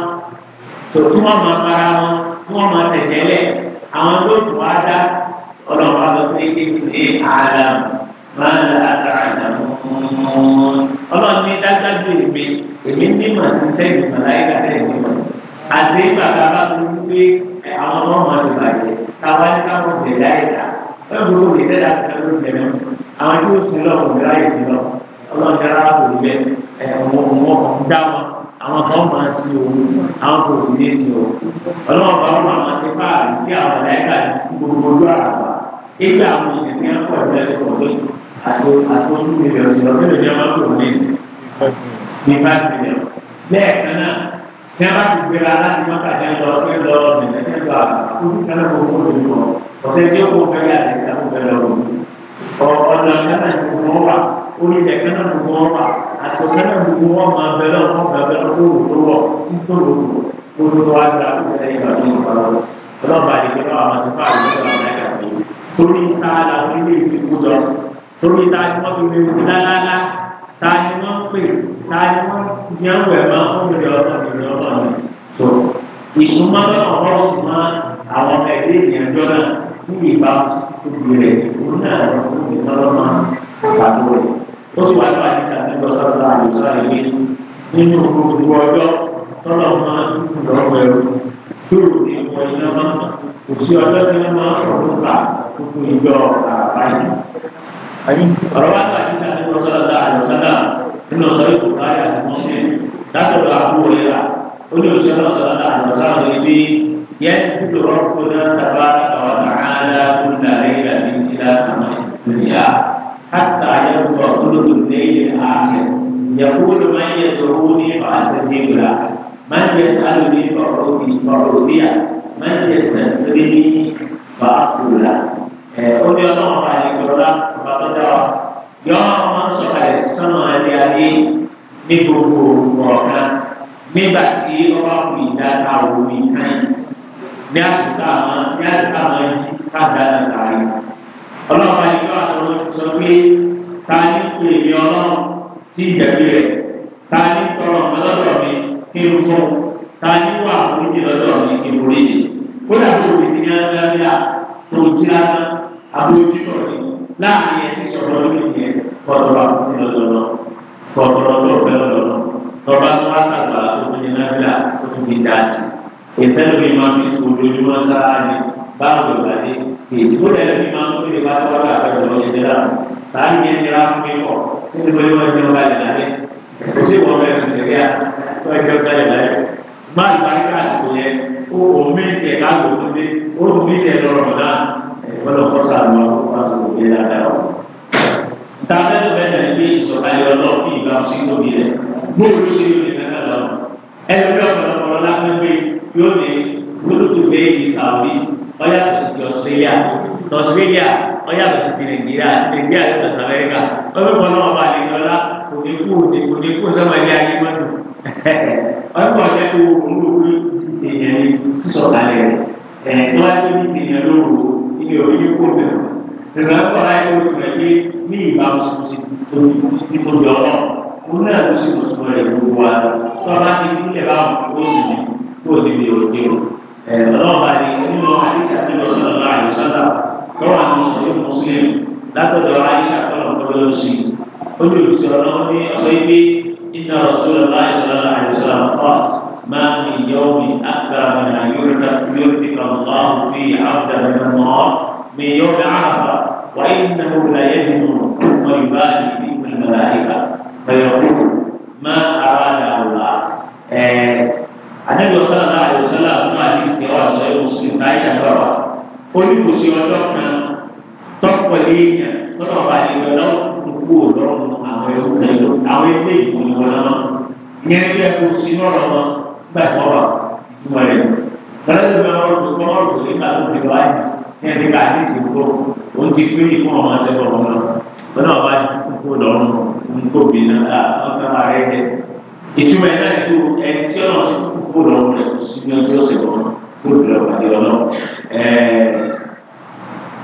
tó tí wọ́n máa para wọn tí wọ́n máa tẹ̀jẹ́lẹ̀ àwọn tó tù wá dá ọlọ́run á lọ sí kékeré àlàm máa ń la àtàrà ìdààmú ọlọ́run ní dájú ìgbé èmi ní màá sí tẹ́lẹ̀ màláyíkà tẹ́lẹ̀ ní màá sí. àti ìgbà tá a bá tó ń gbé àwọn ọmọ wọn ti bàjẹ́ táwa ní káwọn ọ̀gbẹ̀ láyé ta wọ́n gbogbo òkè tẹ́lẹ̀ àti tẹ́lẹ̀ ló tẹ̀lé àwọn tí ó sin lọ òkè láyé sin lọ ọlọ́run tẹ́lẹ̀ á kò lẹ́ àwọn kan máa sí o àwọn kò sì ní sí o ọlọ́run bá wọn máa ṣe fáàrí sí àwọn ẹ̀ka gbogbo ojú àràbà àwọn ènìyàn ní ẹ̀kọ́ ìbílẹ̀ tó kọ̀ lóyún àti àti ojú ìbẹ̀rẹ̀ ìṣòro mélòó ni a máa ń lò ní ìsìn ní báyìí rẹ̀ lẹ́ẹ̀kan náà tí a bá ti gbéra láti má bàjẹ́ lọ pé lọ nìyẹn tí a bá ojú kan náà kò kó lè lọ ọ̀sẹ̀ tí ó kó fẹ́ yà sí ìta kó fẹ́ lọ wò ọ̀nà kan náà kò mọ́ wà orí ilẹ̀ kan náà kò mọ́ wà àtọ̀kẹ́ náà kò mọ́ wà máa bẹ lọ́wọ́ máa bẹ lọ́wọ́ kó tó wọ̀ títí tó lò kó tó wá gba kó fẹ́ yà lọ́wọ́ ọlọ́ba àdìgbẹ́ náà àwọn àtúntò àwọn tani wọn yàn wẹ̀ máa fún mi lọ náà mi lọ náà mi. tó ìsúnmọ́ náà wọ́n sùn mọ́ àwọn ọmọ ẹgbẹ́ ìyànjọ́ náà níbi ìbá tóbi rẹ̀ òun náà lọ fún mi lọ́wọ́ máa pàtó rẹ̀. ó sì wáá lọ́wọ́ àdìsá nígbà sọ́dọ̀ àdìsá yìí nínú gbogbo ọjọ́ tọ́lọ̀ máa ń lọ́wọ́ ẹ̀rọ yóò ní ìwọ iná máa kò sí ọjọ́ tí wọ́n máa sọ̀rọ̀ nípa gbogbo nínú sọ́yì kò káyà àti mọ́sílẹ̀ látọ̀dọ̀ àbúrò rẹ̀ ó ní òṣèlú ọ̀sán láàrín ọ̀sán rẹ̀ bí yẹn tó rọ́pò náà tàbá àwọn àhálà tó ń darí láti ìlà sàmì lóyà hàtà yẹn kó ọ̀túnlù lẹ́yìn ààrẹ يقول من يدعوني فأستجيب له من يسألني فأعطيه من يستغفرني فأقول له ó ayé ní gbogbo ọ̀kan nígbà tí ọba kù ìdáta òun nìkan ní àtúntà àwọn ní àtúntà àwọn ẹjì káàdáná sáré ọlọ́ọ̀bá ni yóò àtọ́wọ́ sọ pé ta ní pè mí ọlọ́run tí ìjẹ̀bi rẹ̀ ta ní tọrọ ọ̀dọ́dọ̀ mi kí n fún ta ní wà lójú lọ́dọ̀ mi kí n borí mi kódà tó o sì ní alábíà tó o ti lásán àbójútó rẹ̀ láàrin ẹ̀sìn sọ̀rọ̀ lórí ìyẹn kọ́ ọ̀dọ̀ wa lọ́dọ̀ náà kọ̀ọ̀rọ̀ tó bẹ̀ lọ tọ́ba tó bá sàgbà tó fi ní náírà tó fi ní dáàsì ìtẹ́lu mi máa fi kó lójúmọ́ sáà ni báwo ìgbà ni ìdúró rẹ̀ mi máa ń tó lè bá sọ́kọ́ àbẹ̀wò lọ́yẹ̀ dẹ́ra sáà ni ẹni rà fún mi pọ̀ nínú pé wọ́n ti ọba ìlà rẹ̀ kò sí wọn bẹ̀rẹ̀ nàìjíríà tó ẹgbẹ́ ọba ìlà rẹ̀ má ìbáríkà àsìkò yẹn ó omi ìṣẹ̀ káàkó tó dé ó omi ìṣẹ̀ lọ́rọ̀ náà ẹ̀gbọ́n lọ́kọ́ sàlọ́ wọn kò gbé dáadáa wọn tàbí bẹ́ẹ̀ náà gbé ìsọ̀kalẹ̀ ọlọ́ bí ìgbà ọ̀sìn tóbi rẹ̀ gbóòrò ló ṣe yóò lè fẹ́ lọ. ẹni bí ọ̀pọ̀lọpọ̀ lápẹ́pẹ́ yóò lè gbólótó gbé ìdí sàwùdí ọ̀yàtọ̀ sí ti Australia Australia ọ̀yàtọ̀ sí ti Nàìjíríà Nàìjíríà ló tẹ̀sán Amẹ́ríkà ọ̀pẹ̀pọ̀ náà wà ní ọlá òdekú òdekú òdekú sọ́mọ ilé ayé mọ́tò ọ̀pẹ̀pọ̀ ọ̀jẹ́ tó olóògbé èèyàn ní sísọ̀kalẹ̀ ẹ̀ tó wá sí ti èèyàn lóru ilé ìgbà kọ́ra ẹ̀ ló ti rẹ̀ pé ní ìbámu sí tó yọ ọ́ òun náà ló sì mọ̀tò rẹ̀ gbogbo wa tó a bá ti kúlẹ̀ báwọn ó sì ní kó o níbi òde o ọlọ́ọ̀bá ni nínú àdéṣà tó lọ sọ̀rọ̀ láàyè sọ́dà lọ́wọ́ àwọn mùsùlùmí mùsùlùmí látọ̀dọ̀ àdéṣà tó lọ kọ́ lọ́wọ́ sí i ó ní òṣìṣẹ́ ọlọ́wọ́ ní ọ̀sọ́ ibi iná ọ̀sọ́dọ̀ láàyè sọ́dọ̀ láàyè sọ́dọ̀ àpá máa ń yọ omi àgbà àmì àyọ̀rẹ́ta yóò fi kàn من يوم عرفة وإنه لا يجن ثم يبالي بهم الملائكة فيقول ما أراد الله النبي صلى الله عليه وسلم ما في استواء سيد مسلم عائشة ترى كل مسلم تقنا تقوى لينا ترى بعد ولو تقول لهم àwọn ẹrú kan ìlú àwọn ilé ìgbìmọ̀ wọn náà ìyẹn bí ẹ kó sínú ọ̀rọ̀ wọn gbà ìfọwọ́ ìtumọ̀ rẹ̀ lọ́dọ̀ ìgbà wọn lọ́dọ̀ ní ẹni ká ní ìsìnkú ó ti pé ikú ọmọ ṣẹbọ ọmọ náà ọmọ bá kó lọrùn nkó bì náà ọkọ ààrẹ jẹ ìtumọ̀ ẹ̀ náà kó ẹni tí ọ̀nà tó kó lọrùn rẹ̀ kó sí ní ọjọ́ ṣẹbọ tó lọ pàdé ọ̀nà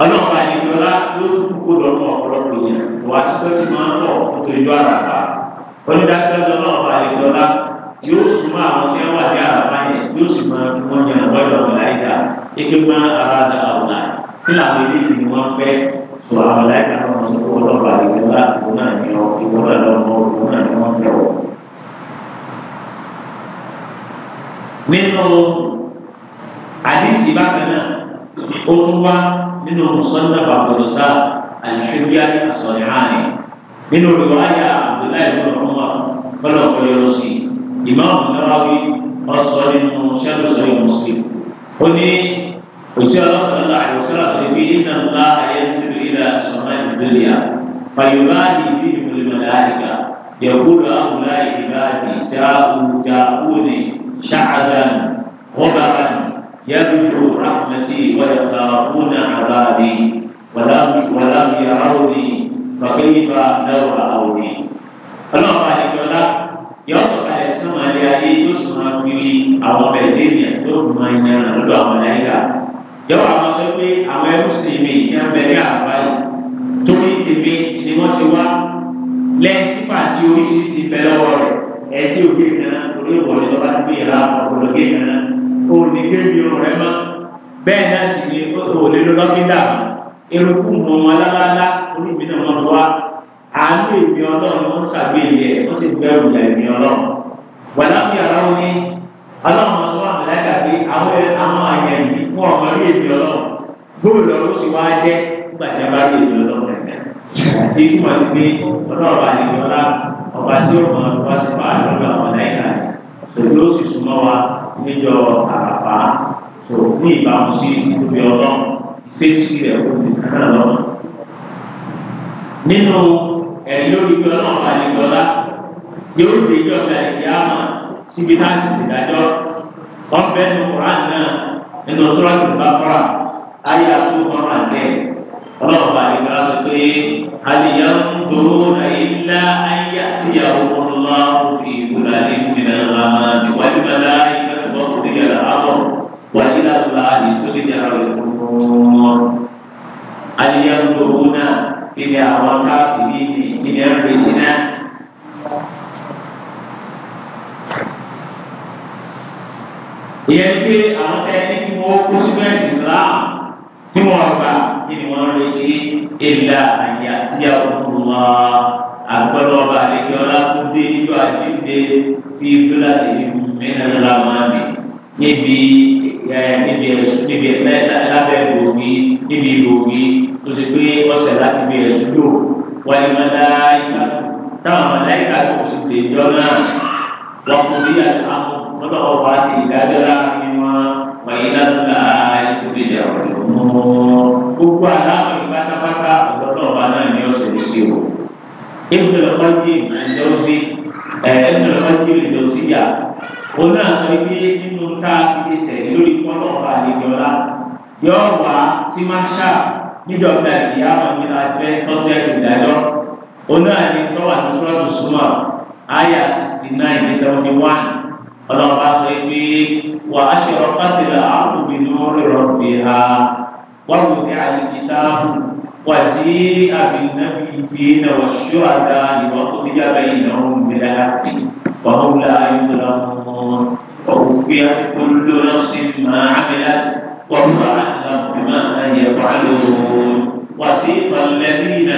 ọlọ́run bá ní ìjọba ló tún kó lọ́nà ọ̀pọ̀lọpọ̀ yẹn wà á sọ ti máa ń lọ kótó ìjọ àràbà onídàájọ́ lọ́nà ìjọba yóò súnmọ́ àwọn tí wọ́n wà ní àràbà yẹn yóò sì máa fi wọ́n yẹn wọ́n lọ́wọ́ láyé dáa ike máa ara da ọ̀nà nílà àwọn eléyìí ni wọ́n fẹ́ sọ àwọn aláìka náà wọ́n sọ pé wọ́n lọ́ba ìgbọ́lá òun náà ni ọ ìgbọ́lá lọ́mọ òun náà ni wọ́n fẹ́ wọ̀. nínú àdìsí bákan náà ó tún wá nínú mùsọ́nà bàbọ̀dọ̀sá àlùfẹ́bíà àsọ̀rẹ̀ hàní nínú olùwáyà abdullahi bin ọmọ bọ́lá ọ̀pọ̀ yọrọ sí ìmáàmù náà wí nínú sẹ́lùsọ̀ yìí mùsùlùmí. ó ní òtí ọlọ́sọ̀rọ̀ náà àìwòsílà tó bí iná ńlá ayé ń tìrì ilẹ̀ sọ̀rọ̀ ìdílé fàyọ̀bá yìí bí يقول هؤلاء عبادي جاءوا جاءوني شعدا غبرا يرجو رحمتي ويخافون عذابي ولم ولم يروني فكيف لو رأوني الله عليك yọ sọ̀kalẹ̀ sí wọn lé ayé yóò sì máa fi àwọn ọmọ ẹ̀dẹ́ ènìyàn tó fi máa yan lọ́dọ̀ àwọn náírà yọ àwọn sọ pé àwọn ẹrú sì mi ìtí wọn bẹ̀rẹ̀ àbáyé torí tèmi ni wọ́n ti wá lẹ́yìn sífà tí oríṣiríṣi bẹ lọ́wọ́ rẹ̀ ẹtí òkè kan orí ìwọlé lọ́ba tó gbé yàrá ọ̀pọ̀lọpọ̀ kan òní kébi rẹ mọ́ bẹ́ẹ̀ náà sì ni òlélọ́lọ́gbẹ́dà eruku mọ́ wọn lálálá orí mi náà wọ́n wá àánú èmi ọlọ́run wọ́n ṣàgbéyẹ̀ wọ́n sì gbẹ́rù ìyá èmi ọlọ́run wàlámì ara wọn ni ọlọ́run ọ̀sán wà láyà pé àwọn àwọn àyàn yìí fún ọmọ rí èmi ọlọ́run gbóòlù ọ̀rọ̀ sì wá jẹ́ nígbà tí a bá rí èmi ọlọ́run rẹ̀ àti ìtumọ̀ sí pé ọlọ́run bá lè yọlá ọba tí ó mọ̀ ọba ti fà lọ́dọ̀ àwọn náírà tòlú ó sì ẹ̀rí lórí pé ọlọ́run bá lè gbọ́lá yóò lè yọ ọ̀gá ìyáàmà síbi náà sì sì dájọ́ ọ̀bẹ ní koran náà nínú sọ́ọ́tù bàbára ayé àti ọ̀rọ̀ àtẹ ọlọ́run bá lè gbọ́lá sọ pé àlìyá ń dòwó àyílá ayé àti ìyàwó ọlọ́lá òfin ìgbòlá ní ìgbìnà àmà ìwádìí bàbá ìgbàgbọ́ òfin ìyàrá àbọ̀ wàhálà àlùbáàdì tó lè yàrá rẹ̀ fún un. àlìyá ń dòwó náà kí ni àwọn káàkiri ní kí ni ẹ ń retí náà. ìyẹn pé àwọn ẹni tí wọ́n kó síbẹ̀ Islam tí wọ́n gbà kí ni wọ́n retí ìlà àyà tí a kò kú wọn àgbọ̀dọ̀ ọba àlejò ọlá tó dé níjọ́ àjíǹde fi fúlàní mẹ́rin lọ́la máa mi níbi níbi níbi lábẹ́ gbòógì níbi gbòógì tó ti pé ọ̀sẹ̀ láti bí ẹ̀sùn yóò wáyé mọ́láyíká táwọn mọ́láyíká tó ti dè jọ náà wọ́n kò rí àtàkùn lọ́dọ̀ ọ̀pá àti ìdájọ́ láàrin wọn wáyé lásìkò àìsí ìdíje àwọn ìlú. gbogbo àdáhùn pátápátá ọ̀dọ́dọ̀ ọba náà ní ọ̀sẹ̀ ní sí o. ibùdó lọ́kọ́ jí ìmọ̀ ẹ̀jọ́ sí ẹ̀ẹ́dẹ́gbẹ̀rún òun náà sọ ibi nínú ká ibi sẹ̀rí lórí kọ́nà ọba àlejòọ́lá yọ wá sí máṣá níjọba ìyá ọ̀nì àfẹ́ tọ́jú ẹ̀sìn ìdájọ́ òun náà ní tọ́wà tó tọ́wà tó súnmọ́ àyà sixty nine ní seventy one ọlọ́ba sọ ibi wà á ṣe ọ̀pá sílẹ̀ àkùnrin ní orí rọ̀bì ha wọ́n kò ní àyíkítà وجيء بالنبيين والشهداء وقضي بينهم بالحق وهم لا يظلمون ووفيت كل نفس ما عملت وهو أعلم بما يفعلون وسيق الذين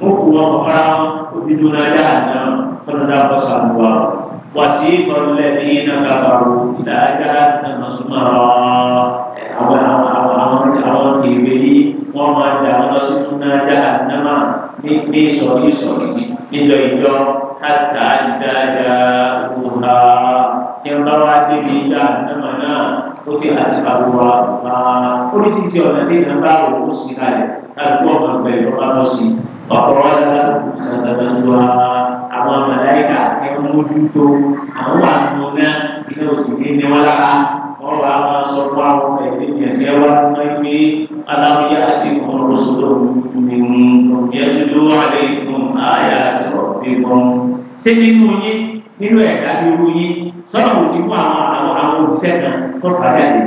وقوم فرام بدون جهنم فنذاب صنوا وسيق الذين كفروا إلى جهنم زمرا أول أول أول أول كيبي وما جعل سنة جهنم من سوري سوري من جيجو حتى إذا جاءوها yang bawa diri jahannam mana فتحت أبوابها كل سيسيون الذين باعوا أسها القوم البيضاء نصيب ọ̀pọ̀lọpọ̀ sọ̀tọ̀tọ̀ àwọn màláíkà tí wọ́n mójútó àwọn àánú náà ilé òsì ní ní wọn lára wọ́n wà á sọ fún àwọn ọmọ ẹ̀mí ìyẹ̀tẹ̀ wá wọ́n gbé aláwíyá àti ìkọ̀ọ̀rọ̀ sọ̀tọ̀ nìyẹn yẹtù tó wà lé ìkùn àyà ìkọ̀ọ̀bìkan. ṣé nínú yín nínú ẹ̀dá irú yín sọ́nà òdìbò àwọn àwọn òṣìṣẹ́ kan tó fàdé àdé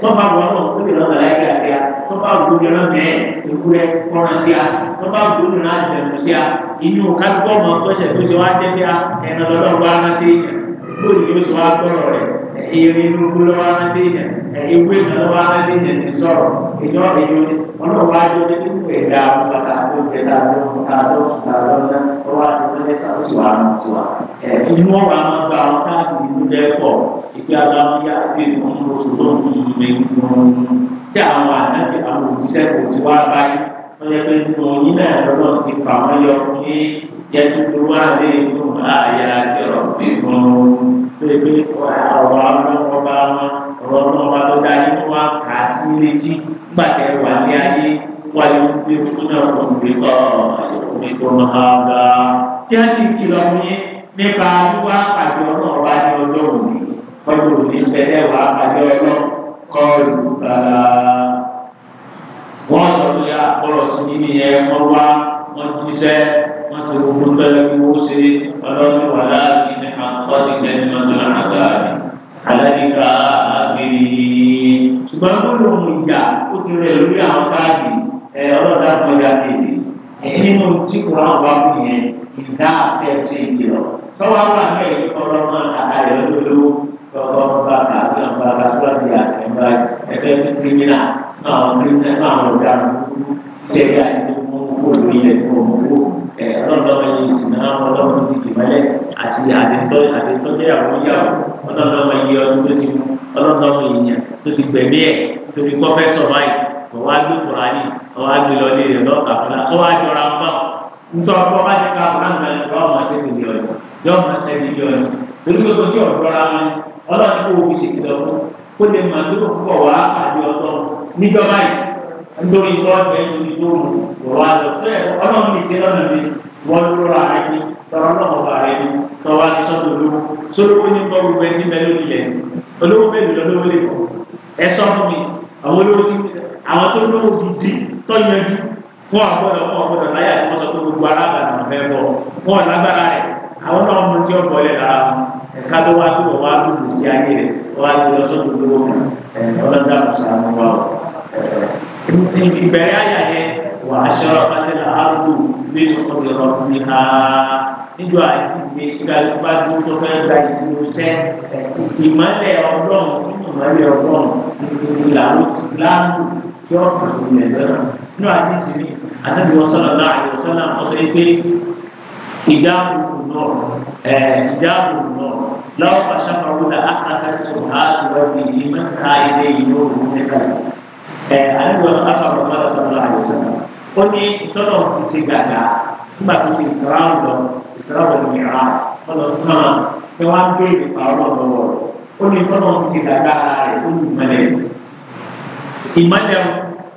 tó bá wọn náà tó bá wù ú yọrọ mẹ ewúrẹ́ kọrọ sí a tó bá wù ú nà dẹnu sí a inú kágbọ́ ọmọ tọ́sẹ̀ tó ṣe wá jẹ́ bí a ẹ̀nà lọ́lọ́gbọ́ aná sí yẹn lóòdì yóò ṣe wá gbọ́rọ̀ rẹ̀ ẹ̀yẹ̀rẹ̀ inú gbólọ́wọ́ aná sí yẹn ewé ìdánwò aláde ìdẹ̀sí sọ̀rọ̀ ìjọ èyí wọn náà wá jọ nínú ẹ̀dá bàtà tó jẹta tó bàtà tó sùtà lọ́nà tó wá sí lọ́nà ìsàlù sí wa náà sí wa. inú ọ̀rọ̀ àwọn gba àwọn káàdì ìlú lẹ́kọ̀ọ́ ìgbé aláwọ̀ yá ìgbé ìmọ̀ oṣù tó ń bí ìgbé ìmọ̀ tí àwọn ànábì àwọn òṣìṣẹ́ kò ti wá báyìí wọ́n yẹ pé nínú oyin náà lọ́nà ti fà wọ́n yọ pé yẹtùtù wà lè dùn àyà àjọrò fífún pé pé ọ̀rọ̀ ọlọ́mọba wọn ọ̀rọ̀ ọlọ́mọba tó dá yín wá kà á sí létí gbàtẹ́ wà ní ayé wáyé wípé fún náà kò ń gbé kọ́ ọ̀rọ̀ tó ń ha gbà. tí a sì kìlọ̀ fún yín nípa wíwá pàdé ọlọ́ọ̀bá ní ọjọ́ òní ọjọ́ òní bẹ̀rẹ̀ wà kọlu rárá wọ́n sọ̀rọ̀ ah, yà kọlọ̀ sí nínú yẹn wọ́n wá wọ́n jíṣẹ́ wọ́n ti wọ́n fún bẹ́ẹ̀ kí wọ́n ṣe ọlọ́run wà láàrin ní àkọ́ọ̀dì lẹ́nu ọdún àgbà rẹ̀ alẹ́nìkà àgbèrè ṣùgbọ́n wọ́n lò mú ìjà ó ti rẹ̀ lórí àwọn káàdì ẹ̀ ọlọ́dà kọjá tèmi ẹ̀yìn nínú tí kò rán wá fún yẹn ìdá àtẹ̀sí ìkìlọ̀ tọ́wọ́ àwọn àmì ẹ̀yìn kọ́ lọ́mọ àtàlẹ́ lọ́dọọdọ́ tọ́kọ́ bàbá àti ọ̀bàbà tó ẹgbẹ́ kírímìnà àwọn kírímìnà àwọn ọ̀daràn ṣẹ̀dá ìdókòwò lórílẹ̀ ìfowópamọ́ ẹ̀ ọlọ́dọ̀ọ́mọ yìí sì náà ọlọ́dọ̀ọ́mọ ti dìbálẹ̀ àti àdétọ́ àdétọ́jẹ́ àwọn yàwó ọlọ́dọ̀ọ́mọ yìí ọdún tó ti mú ọlọ́dọ̀ọ́mọ èèyàn tó ti gbẹ̀mí ẹ̀ tó fi kọ́ fẹ́ sọ báyìí ọwọ́ adó kùránì ọwọ́ adó lọlé rẹ̀ lọ́ọ̀kà fúnra tó wá jọra ń bá ntọ́ ọkọ bá ti ká fúnra nǹkan ẹ̀ lọ́wọ́ máa ṣe nílé ọ̀yọ́ yọ́ọ̀ máa ṣe nílé ọ̀yọ́ torí pé kò tí ọ̀dọ́ra wọn ọlọ́ọ̀ni kò wọ́pì sí kìlọ̀ fún kó lè mà tó pọ̀ wá àbí ọ̀tọ̀ níjọba yìí nítorí ìtọ́jú nítorí tó rò wá lọ fẹ́ ọlọ́run mi ṣe lọ́nà mi wọ́n ló ra àyè tọrọ náà ọba rẹ ni tọwọ́ àti sọ́dọ̀ olówó sólówó ní gbọ́ gbogbo ẹtí mẹ́lẹ́ nílẹ̀ olówó mẹ́lẹ́ lọ́lọ́wọ́ lè kọ́ ẹ sọ fún mi àwọn olówó ti àwọn tó lówó gidi tọ́yẹ̀dú fún àgbọ̀dọ̀ fún àgbọ̀dọ̀ láyà tí wọ́n sọ pé gbogbo alábàdàn mẹ́bọ̀ fún ọ̀lágbára rẹ̀ àwọn náà mú kí ọ̀bọ̀ lẹ̀ lára wọn ẹ̀ka ló wá tó wọ́n wá tó lù sí ayé rẹ̀ wọ́n wá lọ sọ́dún lówó kan ọlọ́dà kùsà ló wá o. ìbẹ̀rẹ̀ àyà yẹn wà á ṣọ́ra pátẹ́lá àrùkù bí ọkùnrin ọkùnrin ha níjọ àìsígbè ìgbàlùbá tó tó fẹ́ gba ìṣòro sẹ́ ìmọ̀lẹ̀ ọlọ́run ìmọ̀lẹ̀ ọlọ́run ìlànà ìlànà tí ó kàn ní ẹ̀lẹ́rọ̀ nínú àdìsí ni àtẹ̀bí wọn sọ̀rọ̀ láàyè wọn sọ̀rọ̀ àwọn ọ̀sẹ̀ pé ìdáhùn náà جار النور لو فشكروا لأحرقت سبحات ربه من إليه نور مهتم أنا وأخبر الله صلى الله عليه وسلم قل لي ترى في سجادة ثم كنت إسراء إسراء المعراج قال السماء سواء بين قارون الله قل لي ترى في سجادة قل ملك ìmọ̀lẹ̀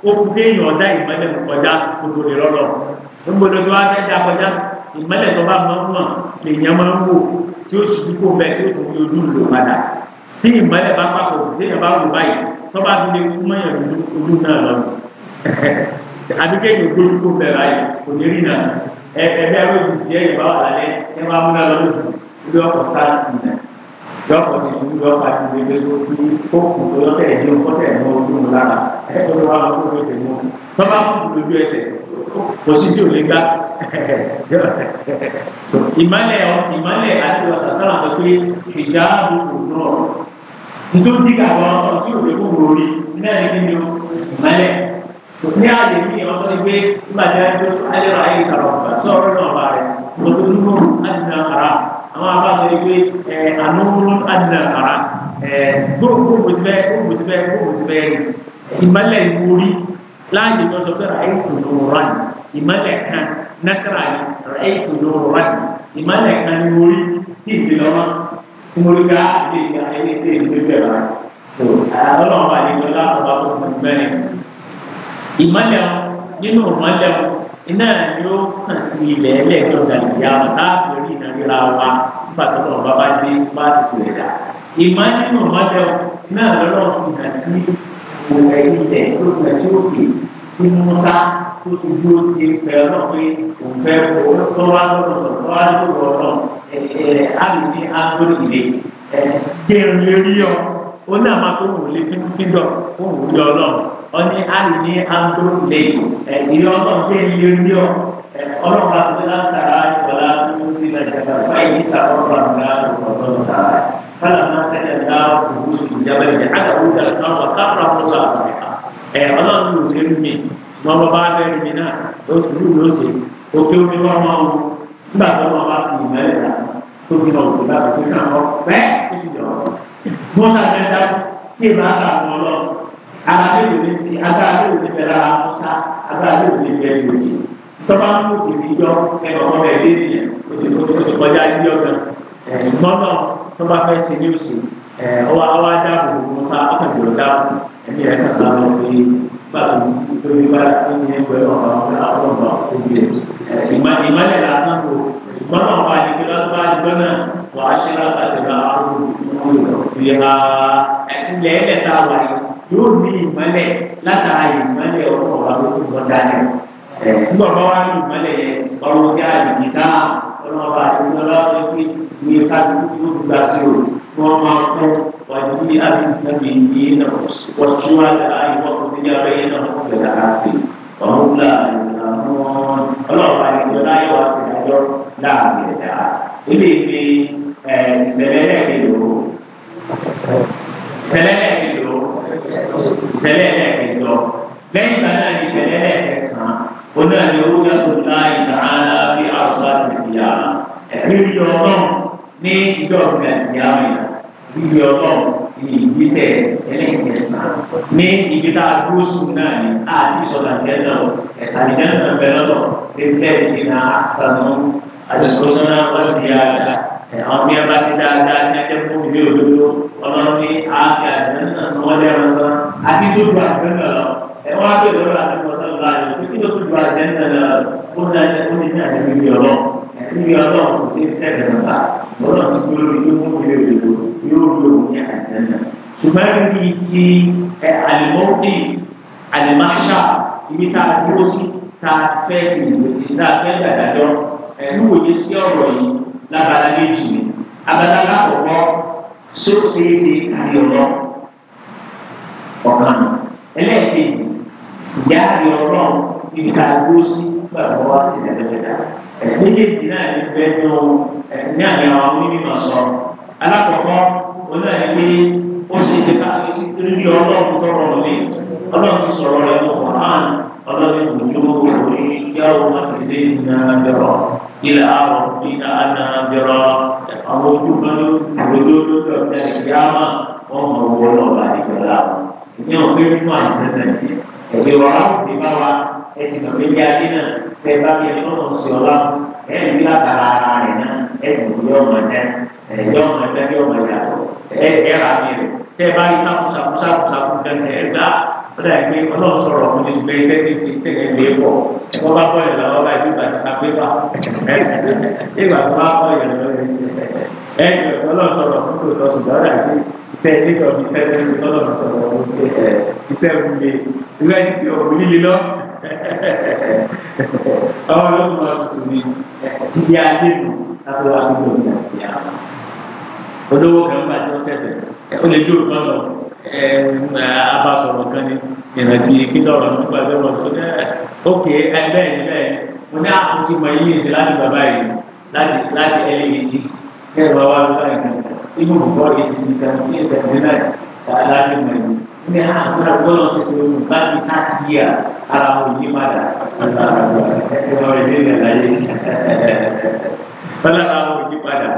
òkú kéèyàn ọ̀dá ìmọ̀lẹ̀ kọjá kòtò lè rọ́lọ́ ń gbọdọ̀ tó wá fẹ́ dá kọjá ìmọ́lẹ̀ tó bá mọ́ mọ́ lèèyàn máa ń wò tí ó sì dúkò mẹ́ tí ó tó fi ojú lò padà tí ìmọ́lẹ̀ bá papọ̀ téèyàn bá wò báyìí tó bá fi lè kú mọ́yàn ojú náà lọ. àdúgbò èyí gbórúkọ bẹ̀rẹ̀ ayé kò ní rí nà ẹgbẹ́ ẹgbẹ́ òjijì ẹ̀yìn bá wà lálẹ́ ẹ máa múná lọ lójú ilé ọkọ̀ sáà sí nà lọ́pọ̀ ní ìlú lọ́pọ̀ àti ìgbẹ́gbẹ́ tó fi kókò tó lọ́sẹ̀ ní ọkọ̀tẹ̀ ní ọdún lára ẹ̀kọ́ ló wà lọ́pọ̀ lóṣèlú tọ́ba kò lójú ẹsẹ̀ kò sí tí ò lè gbá ìmọ̀lẹ̀ ìmọ̀lẹ̀ àdúrà sàṣàrà sọ pé ìdáàbò kò náà nítorí tí kàwọn ọmọ tí òwe kò wò rí náà ní kíni o ìmọ̀lẹ̀ ní àlè ní ìyẹn wọ́n sọ pé nígbà tí a ti tó alẹ́ rà ayé kàrọ̀ ọ̀gbà sọ̀rọ̀ náà bá rẹ̀ mo tó ní mò àdìnà kàrà àwọn abá sọ pé ẹ ànúmúrún àdìnà kàrà ẹ gbóògbó bòsibẹ gbóòbòsibẹ gbóòbòsibẹ ìmọ̀lẹ̀ ìwúrí láàyè lọ́sọ̀ kan nakara ni rẹ ètò lóru rẹ ìmọ̀lẹ̀ kan ní orí tí ìgbé lọ́wọ́ tí mo rí ká ilé ìgbà ilé ìgbé ìgbé bẹ̀rẹ̀ rẹ tó ọlọ́run bá yẹ lọ́la ọba tó fún mẹ́rin ìmọ̀lẹ̀ nínú ìmọ̀lẹ̀ iná yóò kàn sí ilẹ̀ ẹlẹ́gbẹ̀ọ́ gàdìyà ọ̀tá àbẹ̀rẹ̀ ìnàríra wa nígbà tó lọ́wọ́ bá bá dé bá tutù rẹ̀ dà ìmọ̀ nínú ìmọ̀lẹ̀ náà lọ́lọ́ fi hàn sí òun ẹ̀yìn tẹ̀ tó fẹ̀ sókè fún mọ́tà tó ti dúró ti fẹ́ ọ̀rọ̀ pé òun fẹ́ tó wá lọ́dọ̀ tó wá lọ́dọ̀ ọ̀rọ̀ ẹ̀ àmì ní agbóni ìlé ẹ̀ jẹun lè rí ọ ó ní àwọn tó wù lé fíndọ̀ ó wù rí ọlọ́run ọ ní àmì ní agbóni ìlé ẹ̀ ìlú ọlọ́run jẹ́ ilé rí ọ ọlọ́run bá ti látara ìwọlá tó ti lè jẹba báyìí níta ọlọ́run ń gbà ọlọ́run tààrà kálá máa tẹ̀lé ńlá òkú ìjàmbá ìjà àgbà wọn bá bá bẹ́ẹ̀ mi náà ó sùúrù ló ṣe òkè omi wọn mọ ohun nígbà tó wọn bá fi ìmọ̀lẹ̀ rà tó fi hàn òkè láti fi kàn ọ́ bẹ́ẹ̀ ó sì jọ ọ́. mo ṣàfihàn dájú kí èèmọ̀ àgbà wọn lọ agbára lè fi agbára lè fi fẹ́ lára kọ́sá agbára lè fi fẹ́ lòdì tọ́ba ń kó kìkì yọ ẹ̀rọ ọmọ ẹ̀ lé nìyẹn o ti kọjá ilé ọ̀gá mọ́nà tọ́ba fẹ́ báwo lórí bá ní ẹgbẹ́ ọ̀rọ̀ àwọn ọ̀rọ̀ òbí rẹ̀ ìmọ̀lẹ̀ lásán kò ṣùgbọ́n náà wà ní kílọ̀ bá dùgbọ́n náà wà á ṣe látàdé bá àrùn ìhà ilẹ̀ ẹ̀lẹ́ta wà yóò ní ìmọ̀lẹ̀ látara ìmọ̀lẹ̀ ọ̀rọ̀ àwọn olùkọ́ dání nígbà bá wà ní ìmọ̀lẹ̀ yẹn ọ̀rọ̀ ọ̀gá àdìgítà ọlọ́ọ̀bà àdìgítà ọlọ́ọ̀bà ní ká tó gba sí o wọ́n máa kọ́ wàjú ní àdìgítà bìí ní ọ̀ṣun àdìgítà ìwọ̀kùn ìjà bẹ́yìn náà fún ìgbà àti ọ̀hún gbà ọlọ́ọ̀pá ìjọ láyé wá sí ìdájọ́ láàbì ẹ̀dá. Ilé ìgbé ìṣẹ̀lẹ̀ lẹ́ẹ̀kejì o. Ìṣẹ̀lẹ̀ lẹ́ẹ̀kejì o. Ìṣẹ̀lẹ̀ lẹ́ẹ̀kejì o. Lẹ́yìn ìgbà náà ni ìṣẹ̀lẹ̀ lẹ́ẹ̀kẹsàn-án. Oní àti orúkọ tó ta ìdáhàlá bí àrùsọ àti ìyá. ìjọ náà ní ìjọ ìgbà ìyá mi. Ìjọ náà ìgbésẹ̀ ẹlẹ́kẹ̀ẹ́sán ní ibi tá a dúró sùn náà ni a ti sọ̀rọ̀ àjẹ́nà ẹ̀ka àjẹ́nà bẹ lọ́dọ̀ tẹ́tẹ́ ìdènà àfààní àdìsọ́sọ́nà wọ́n ti yà á àwọn tí a bá ti dáadáa ní ẹjẹ́ fún ìwé òdodo ọlọ́run ní àgbà àjẹ́nà sanwó-ọdẹ ẹ̀rọ sọ àti tó du àjẹ́nà lọ ẹ̀wọ́n á bẹ̀rẹ̀ lọ́dọ̀ àjẹ́nà níbi ọlọ́run kò ṣe sẹ́dẹ̀ bàbá ọlọ́run ti gbé lórí yóò mú ilé òdòdó yóò rí òun ní àìsàn ṣùgbọ́n níbi tí ẹ àlìmọ́ọ́dì àlìmáṣà ibi tá a dúró sí tá a fẹ́ sí ìwòye tá a fẹ́ gbàdájọ́ ẹ̀ níwòye sí ọ̀rọ̀ yìí lábala méjì ni abala lákòókò ṣé ó ṣe é ọ̀rọ̀ ọ̀kan ẹlẹ́ẹ̀kejì ìyá àrí ọ̀rọ̀ ibi tá a dúró sí gbàgbọ́ wá sí ìdàgbẹ́dàgbẹ́ méjèèjì náà ti bẹ tó ní àmì àwọn onímọ̀ sọ alákọ̀ọ́kọ́ onáyẹ̀wé ó ṣe ṣe káàkiri sí torí ọlọ́run tó rọrùn lé ọlọ́run tó sọ̀rọ̀ rẹ̀ ló wọ̀ hàn ọlọ́run kò jó orí yàwó mákèlè náà bẹ̀rọ̀ ilẹ̀ àrọ̀ bí náà bẹ̀rọ̀ àwọn ojú kan ló lójó lójó ọ̀dẹ̀ ìyáàmà wọn mọ̀ lọ́ba ìgbàlá ìyẹn òfin tẹ bá mi tó lọ sí ọlá ẹ bí látara ara rẹ náà ẹ tó yọ ọmọ ẹ ẹ yọ ọmọ ẹ yọ ọmọ ẹ ẹ ẹ rà mí rẹ tẹ bá yí sákúsákúsákúsákú kẹkẹ ẹ gbà ó dà pé ọlọ́run sọ̀rọ̀ ọ̀hún gbé iṣẹ́ ti ṣẹlẹ̀ lé pọ̀ ẹ kọ́ bá bọ́ọ̀lù lọ́wọ́ bá ibi ìgbà tí sápépà ẹ tó bá bọ́ọ̀lù lọ́wọ́ ẹ ọlọ́run sọ̀rọ̀ ọ̀hún tó lọ sùn lọ́dà pé iṣẹ́ nígbà ọ̀hún iṣẹ́ iṣẹ́ wúlé ìwé ẹni tí ọ̀hún líle lọ́wọ́ àwọn yóò máa tún ní síbi adé nù láti wá nínú ìgbà tí a wà. olówó kan bá jọ sẹ́fẹ̀ ó lè jó kan lọ abasọ̀rọ̀ kan ní ìrántí eh, kíndọ̀rọ̀ nípa ìdọ̀rọ̀ tó dẹ́ ókè ẹgbẹ́ yìí bẹ́ẹ̀ mo ní àkótí ah, mọ ilé ìṣe láti bàbá yìí láti láti ẹni èjì kẹrù wá lọ́wọ́ ìgbà ìgbà ìgbà ìgbà ìgbà ìgbà ìgbà ìgbà ìgbà ní àgbà gbọ́dọ̀ ṣe ṣe ohun bá ti ká sí yíyà ara wọn yí padà ẹ̀rọ ìdí rẹ̀ láyé wọn lára wọn yí padà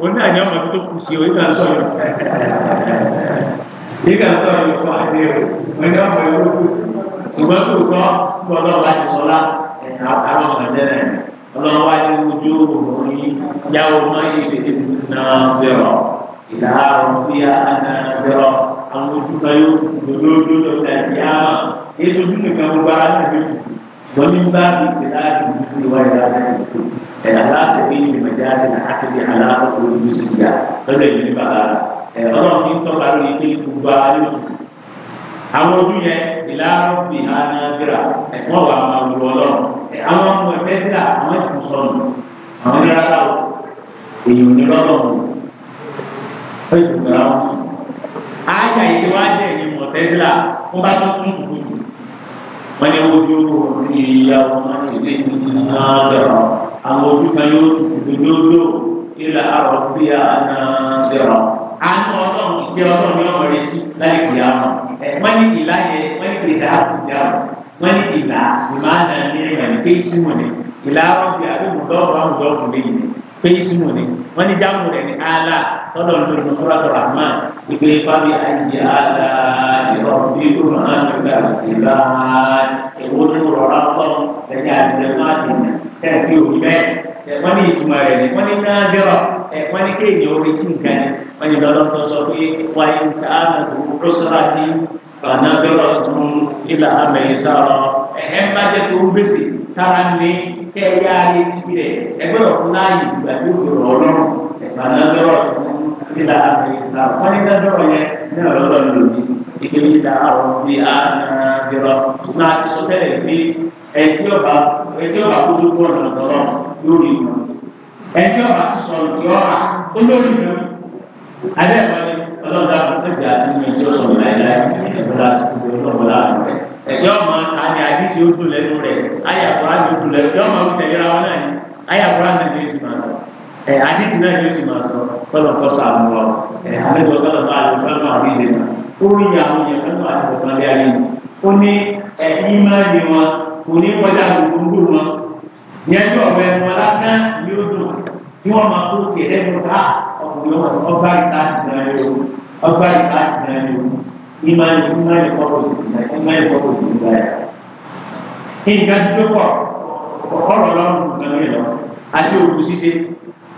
wọn náà ní ọmọ tó kù sí o ìgbà sọ̀rọ̀ ìgbà sọ̀rọ̀ ìfọ̀ àti ẹ̀rọ wọn ní ọmọ ìwé kù sí ṣùgbọ́n tó kọ́ gbọ́dọ̀ wá ti sọ́lá àwọn ọmọ ẹ̀jẹ̀ rẹ̀ ọlọ́run wá ní ojú òun yìí yàwó máa yí ìdíje náà bẹ̀rọ̀ ìdáhàrọ̀ bíyà náà bẹ̀rọ̀. àwọn ojúbà yóò lòlóòdó lọ́sẹ̀ àti àmà èso ojú nìkan gbogbo ara náà lè tù wọ́n ní bá mi pè láti ìlú sí ìwáyé láti ìlú tó ẹ̀ aláṣẹ pé ní ìmọ̀já ti nà ákéde aláàbò tó lójú sí ìyá lọ́dọ̀ ìlú bàbá ẹ̀ ọlọ́run ní tọ́ka lórí pé gbogbo ara lè tù àwọn ojú yẹn ìlànà fi hàn án gbéra ẹ̀fọ́ wà máa wù ọlọ́run àwọn ọmọ ẹ̀fẹ́ sílà àwọn ẹ̀sùn sọnù àwọn ẹ̀rọ aláwọ̀ èèyàn ní lọ́dọ̀ ọ̀hún ájà ìṣèwádìí ẹ̀yìn mọ̀tẹ́sílà wọ́n bá tó tún kùkù jù wọ́n ní ojú oòrùn ní ìyá ọmọ ilé ìdílé náà dẹ̀rọ̀ àwọn ojú kan yóò tutù lójó ilà àrọ̀ bí i àná dẹ̀rọ̀ àánú ọlọ́run ìgbé ọlọ́run yóò mọ̀ retí láì kì í àmọ̀ wọ́n ní ìlà yẹ wọ́n ní kìrìsà àkùdí àmọ̀ wọ́n ní ìlà ìmáàdà ní ìrìnàjò pé ìsìnwó ni ìlà àrọ̀ bí i àbúrò dọ́ọ̀bù àwọn dọ́ọ̀bù lè yìí pé ni wọ́n ní jáàmù rẹ̀ ní àlà wípé fábí àìjẹ àdá ìrọ̀bí ìrọ̀rùn àgbà ìgbà èwo ní rọra pọ̀ lẹ́yìn àdìrẹ́ máa dìnnà tẹ̀sí òbí bẹ́ẹ̀ ẹ̀fọ́n ní ìtumọ̀ rẹ̀ ní wọ́n ní náà dẹ́rọ̀ ẹ̀fọ́n ní kéèyàn orí tí nǹkan ni wọ́n ní lọ́dọ́ tó sọ pé wáyé ń ta àmọ̀ rọ́sọ́rà tí fàánà dọ́rọ̀ tún ilà àmẹ́yìn sọ̀rọ̀ ẹ̀hẹ́ ń bá jẹ́ tó ń gbèsè tára ní kẹ́ẹ̀yà ayé sílẹ̀ ẹgbẹ́ ọ̀fun láàyè ìgbà tó gbòòrò ọlọ́run ẹ̀fọ́n náà dọ́rọ̀ tún sílá àti ìsà wọn ní kájọrọ yẹn ní ọ̀rọ̀ lọ́nà lòdì ìkéde ìdá àwọn fi àgbẹrọ ṣùgbọ́n àti sọ tẹ́lẹ̀ pé ẹtí ọba ẹtí ọba kó tó gbọ́n lọ́nà tọ́lọ́ lórí ìmọ̀ ẹtí ọba sísọ lórí ọ̀rá olórí ìmọ̀ alẹ́ ẹ̀kọ́ ni ọlọ́dà ọ̀tẹ̀jà sínú ẹjọ́ sọ̀rọ̀ láìláì ẹ̀kọ́lá ọ̀tọ̀lá ẹ̀jọ́ ọmọ àti àdìsí ó dùn lẹ́nu rẹ̀ ayàkùrá ni ó dùn lẹ́nu tu ọmọ ó tẹ̀lé ra wọn náà ni ayàkùrá náà ni ó sì máa sọ ẹ̀ àdìsí náà yóò sì máa sọ kọ́lọ̀ kọ́ sàmù lọ ẹ̀ àlejò sọ́dọ̀ bá àlejò fẹ́ràn àdìsí náà ó rí àwọn èèyàn fẹ́ràn àdìsí kan lé ayé yìí ó ní ẹ̀ ìmọ̀lẹ́ wọn kò ní kọjá gbogbo wọn yẹjú ọ̀rọ̀ ẹnu alásán ni ó dùn kí wọ́n máa kó tiẹ̀ lẹ́nu ká ah, ọkùnrin wọn ọgbà ìsáàtì náà yóò ọgbà ìsáàtì náà yóò ìmọ̀lẹ́ ìmọ̀lẹ́ kọ́kọ́ tuntun náà ìmọ̀lẹ́ kọ́kọ́ tuntun náà yà. nǹkan tó kọ̀ ọ̀rọ̀ lọ́rùn kan lé lọ àti òkú ṣíṣe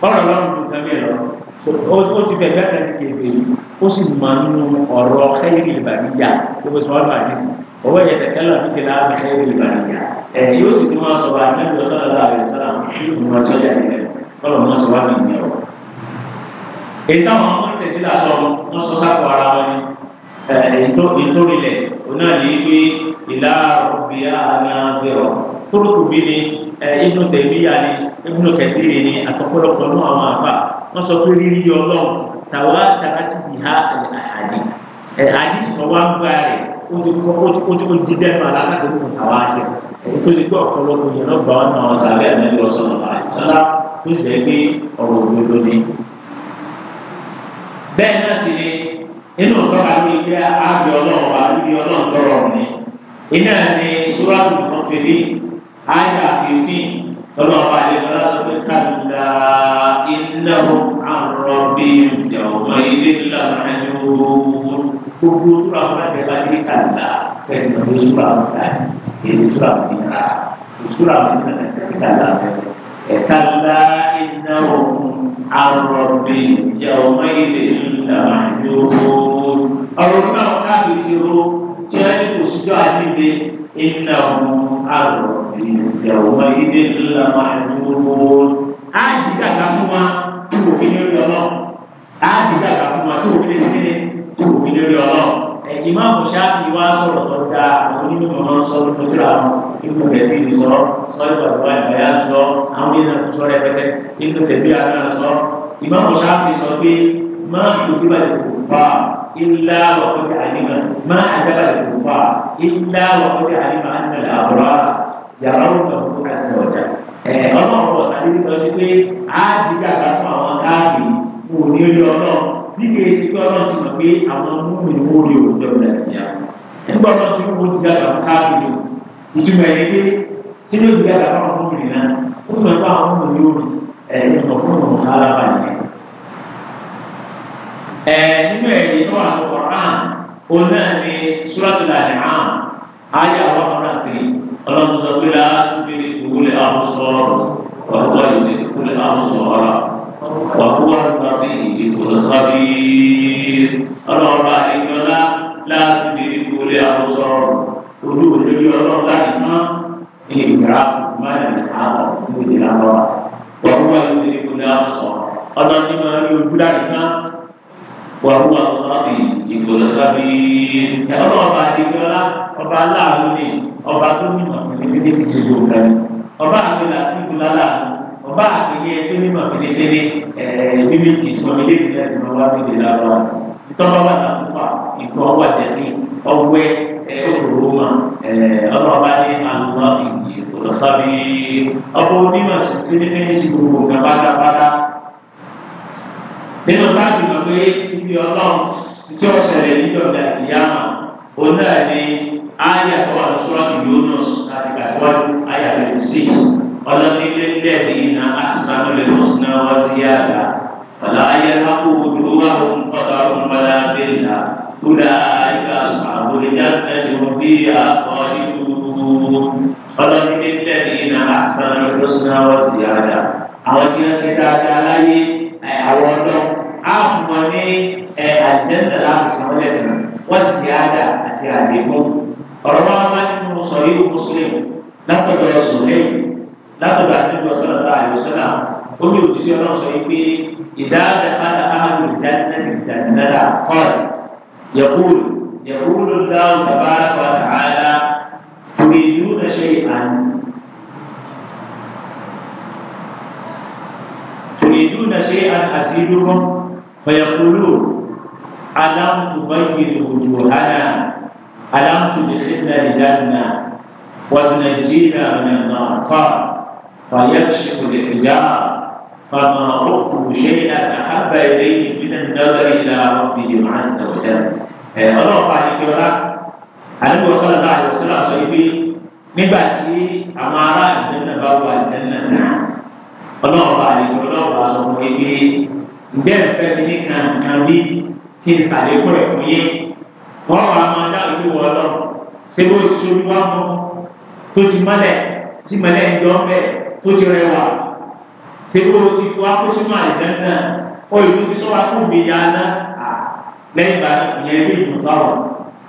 bọ́ọ̀rọ̀ lọ́rùn tó kẹ́mí lọ ó ti bẹ̀ bẹ́ẹ̀ ti kéde ó sì máa ń nu ọ̀rọ̀ kẹ́yìn ìbàdíjà tó fi sọ ọ́nà àdìsí owó yẹn tẹ̀kẹ́ lọ sí kẹlẹ́ àbí kẹ́yìn ìbàdíjà ẹ̀ yóò sì tún máa sọ wá ní ọjọ́ sọ́dọ̀ àbí sọ́dọ̀ sí ìmọ̀ sọ́jà yẹn bọ́ọ̀rọ̀ máa sọ wá ní ìyẹn o. ètò àwọn ọmọ tẹ̀sí là sọ wọn sọ sápò ara wọn ni ìtòrìlẹ̀ onáà ní pé ìlà òbí àná Eh, inú tẹ̀míyà ni inú kẹ̀síìrì ni àtọ́pọ̀lọpọ̀ náà àwọn àbá wọ́n sọ pé rírí ọlọ́run tàwa tàwa ti bì ha àhàdì àdì sọ wá ń gbà rẹ̀ ó ti kọ́ ó ti kọ́ jí dẹ́nu alákàtà ó kò tàwa ṣe ó ti kọ́ ọ̀pọ̀lọpọ̀ yẹn lọ́gbà wọn náà ọ̀sà bẹ́ẹ̀ ní lọ sọ̀rọ̀ àìsọ́lá ó sì lẹ́ gbé ọ̀rọ̀ òdodo ni. bẹ́ẹ̀ náà sì ni inú tọ́ka ló yẹ àgbẹ̀ ọlọ́run àbí ọlọ́run tọrọ ni iná ni sùúrù àyà fífín lọ́lọ́ba àdébọ́lá sọ pé kàdúrà ìnáwó àrọ̀bí ìjọba ilé ńlára ni ó gbogbo sùrà wọn láti bá dé kàdúrà fẹ́ẹ́ lọ sí sùrà wọn láti èyí sùrà wọn nira sùrà wọn nira láti kàdúrà fẹ́ẹ́ ẹ̀kálá ìnáwó àròbí ìjọba ilé ńlára ni ó ọ̀rọ̀ náà káàkiri ti ro tí wọ́n ní kò síjọ́ àdídé ìnáwó àròbí. يومئذ لمحجوبون áàdì dàgbà fún wa tí kò fi lórí ọlọ́ áàdì dàgbà fún wa tí kò fi lórí sílẹ̀ tí kò fi lórí ọlọ́ ẹ̀yìn máa mọ̀ ṣáàbì wá sọ̀rọ̀ tó da àwọn onímọ̀ náà sọ ló ti ra wọn ikú tẹ̀bí ni sọ sọ́ọ́lì bàbá ìbáyà sọ àwọn yẹn náà sọ rẹpẹtẹ ikú tẹ̀bí àná sọ ìmọ̀ mọ̀ ṣáàbì sọ pé má ìdòdì bá lè kó fa ilá wà kó ti àlìmọ̀ má àdàbà lè kó fa ilá wà kó ti àlìmọ̀ àdàbà lè yàrá wọn kàn fún àìsàn ọjà ọlọ́run pọ̀ sáré nípa ṣe pé á di gàgà fún àwọn káàbì fún onílé ọlọ́run nígbà èsì pé ọlọ́run ti mọ̀ pé àwọn múmi ni wọ́n rí òun jẹun nàìjíríà nígbà ọlọ́run ti wọ́n di gàgà fún káàbì ni ìtumọ̀ ẹ̀yẹ pé ṣé ló di gàgà fún àwọn múmi náà ó sọ pé àwọn múmi ni ó rí ẹ̀yìn ọ̀pọ̀ fún ọ̀hún alábà yẹn. ẹ̀ nínú ẹ̀yìn Quran òun náà ni An'am ayé àwọn ọmọ náà ọlọ́run sọ pé láà níbi ìwúlẹ̀ àwọn sọ̀rọ̀ wàhùwà ìdè ìwúlẹ̀ àwọn sọ̀rọ̀ wàhùwà ìgbàgbé ìdìbòlò sábì ọlọ́run bá ìjọba láti di ìwúlẹ̀ àwọn sọ̀rọ̀ olú olórí ọlọ́run láti mọ́ ìgbà mọ́lẹ̀ àwọn ìwúlẹ̀ àwọn wàhùwà ìdè ìwúlẹ̀ àwọn sọ̀rọ̀ ọlọ́run ní wàhùn àwòrán ìgbòlósàbíyé ọlọ́run ọba àdìgbọ́lá ọba aláàánú ni ọba tó ní màmí lédè sí gbogbo nǹkan ni ọba àgbélé àti ìgbòlá láàánú ọba àgbélé tó ní màmí lédè bíbí ìsọmi lédè lẹ́sìn ọba lédè lára ìtọ́ba wà sàkópa ìgbọ́ wà jẹ́ni ọgbẹ́ òṣòro mà ọlọ́run ọba ní àwòrán ìgbòlósàbíyé ọba onímọ̀ sí fínífíní sí gbogbo nǹkan pátápátá nínú láti mọ̀ pé ibi ọlọ́run tí ó ṣẹlẹ̀ níjọ́ ìdàgbìyàmà òun náà ni ayé àtọwà lọ́sọ́rọ́ Yunus láti gbàsíwájú ayé àtẹ̀tẹ̀ sí ọlọ́nílé lẹ́ẹ̀dì iná àti sanúlẹ̀ lọ́sùnà wá sí yàrá ọ̀là ayé lápò òdòdó wà fún ọ̀dà ọ̀hún padà bẹ́ẹ̀lá kúlà ayé àbúrò jáde wọn bí àtọ̀ ìlú ọlọ́nílé lẹ́ẹ̀dì iná àti sanúlẹ̀ lọ́sùnà wá sí yàrá àwọn wọ́n ṣe àfùmọ̀ ní ẹ̀ àjẹ́ńdà láti sàn wọ́n lẹ́sìn wọ́n ti àdá àti àdéhùn ọ̀rọ̀ máa máa ń mú sọ yìí muslim látọ̀dọ̀ sùnlẹ̀ látọ̀dọ̀ àdéhùn ọ̀sán náà àyọ̀sán náà ó ní òjíṣẹ́ ọlọ́run sọ yìí pé ìdáàdà fáta áhùn ìdáná ìdáná kọ́ọ̀rọ̀ yẹ̀kúrú يقول الله تبارك وتعالى تريدون شيئا تريدون شيئا أزيدكم فيقولون ألم تبين وجوهنا ألم تدخلنا الجنة وتنجينا من النار قال فيكشف الحجاب فما ربه شيئا أحب إليه من النظر إلى ربهم عز وجل ọlọ́run bá ní kí ọlá àdúgbò sọ́dọ̀ náà àyọ̀ sílẹ̀ àṣọ ibi nígbà tí àwọn ará ìdẹ́nà bá wà ìdẹ́nà náà ọlọ́run bá ní sọ fún ibi bẹ́ẹ̀ fẹ́ mi ní kankan bí kí n sàlékún ẹ̀ fún yín wọ́n wà á máa dá ìlú wọ lọ ṣé bó ti ṣojú wá mọ́ tó ti mọ́lẹ̀ tí mọ́lẹ̀ ń jọ bẹ́ẹ̀ tó ti rẹwà ṣé bó ti fi wá kó sínú àìdáńdá ó ìlú ti sọ́ra fún mi yá ná lẹ́yìn ìgbà ìyẹn bí ìlú báwọ̀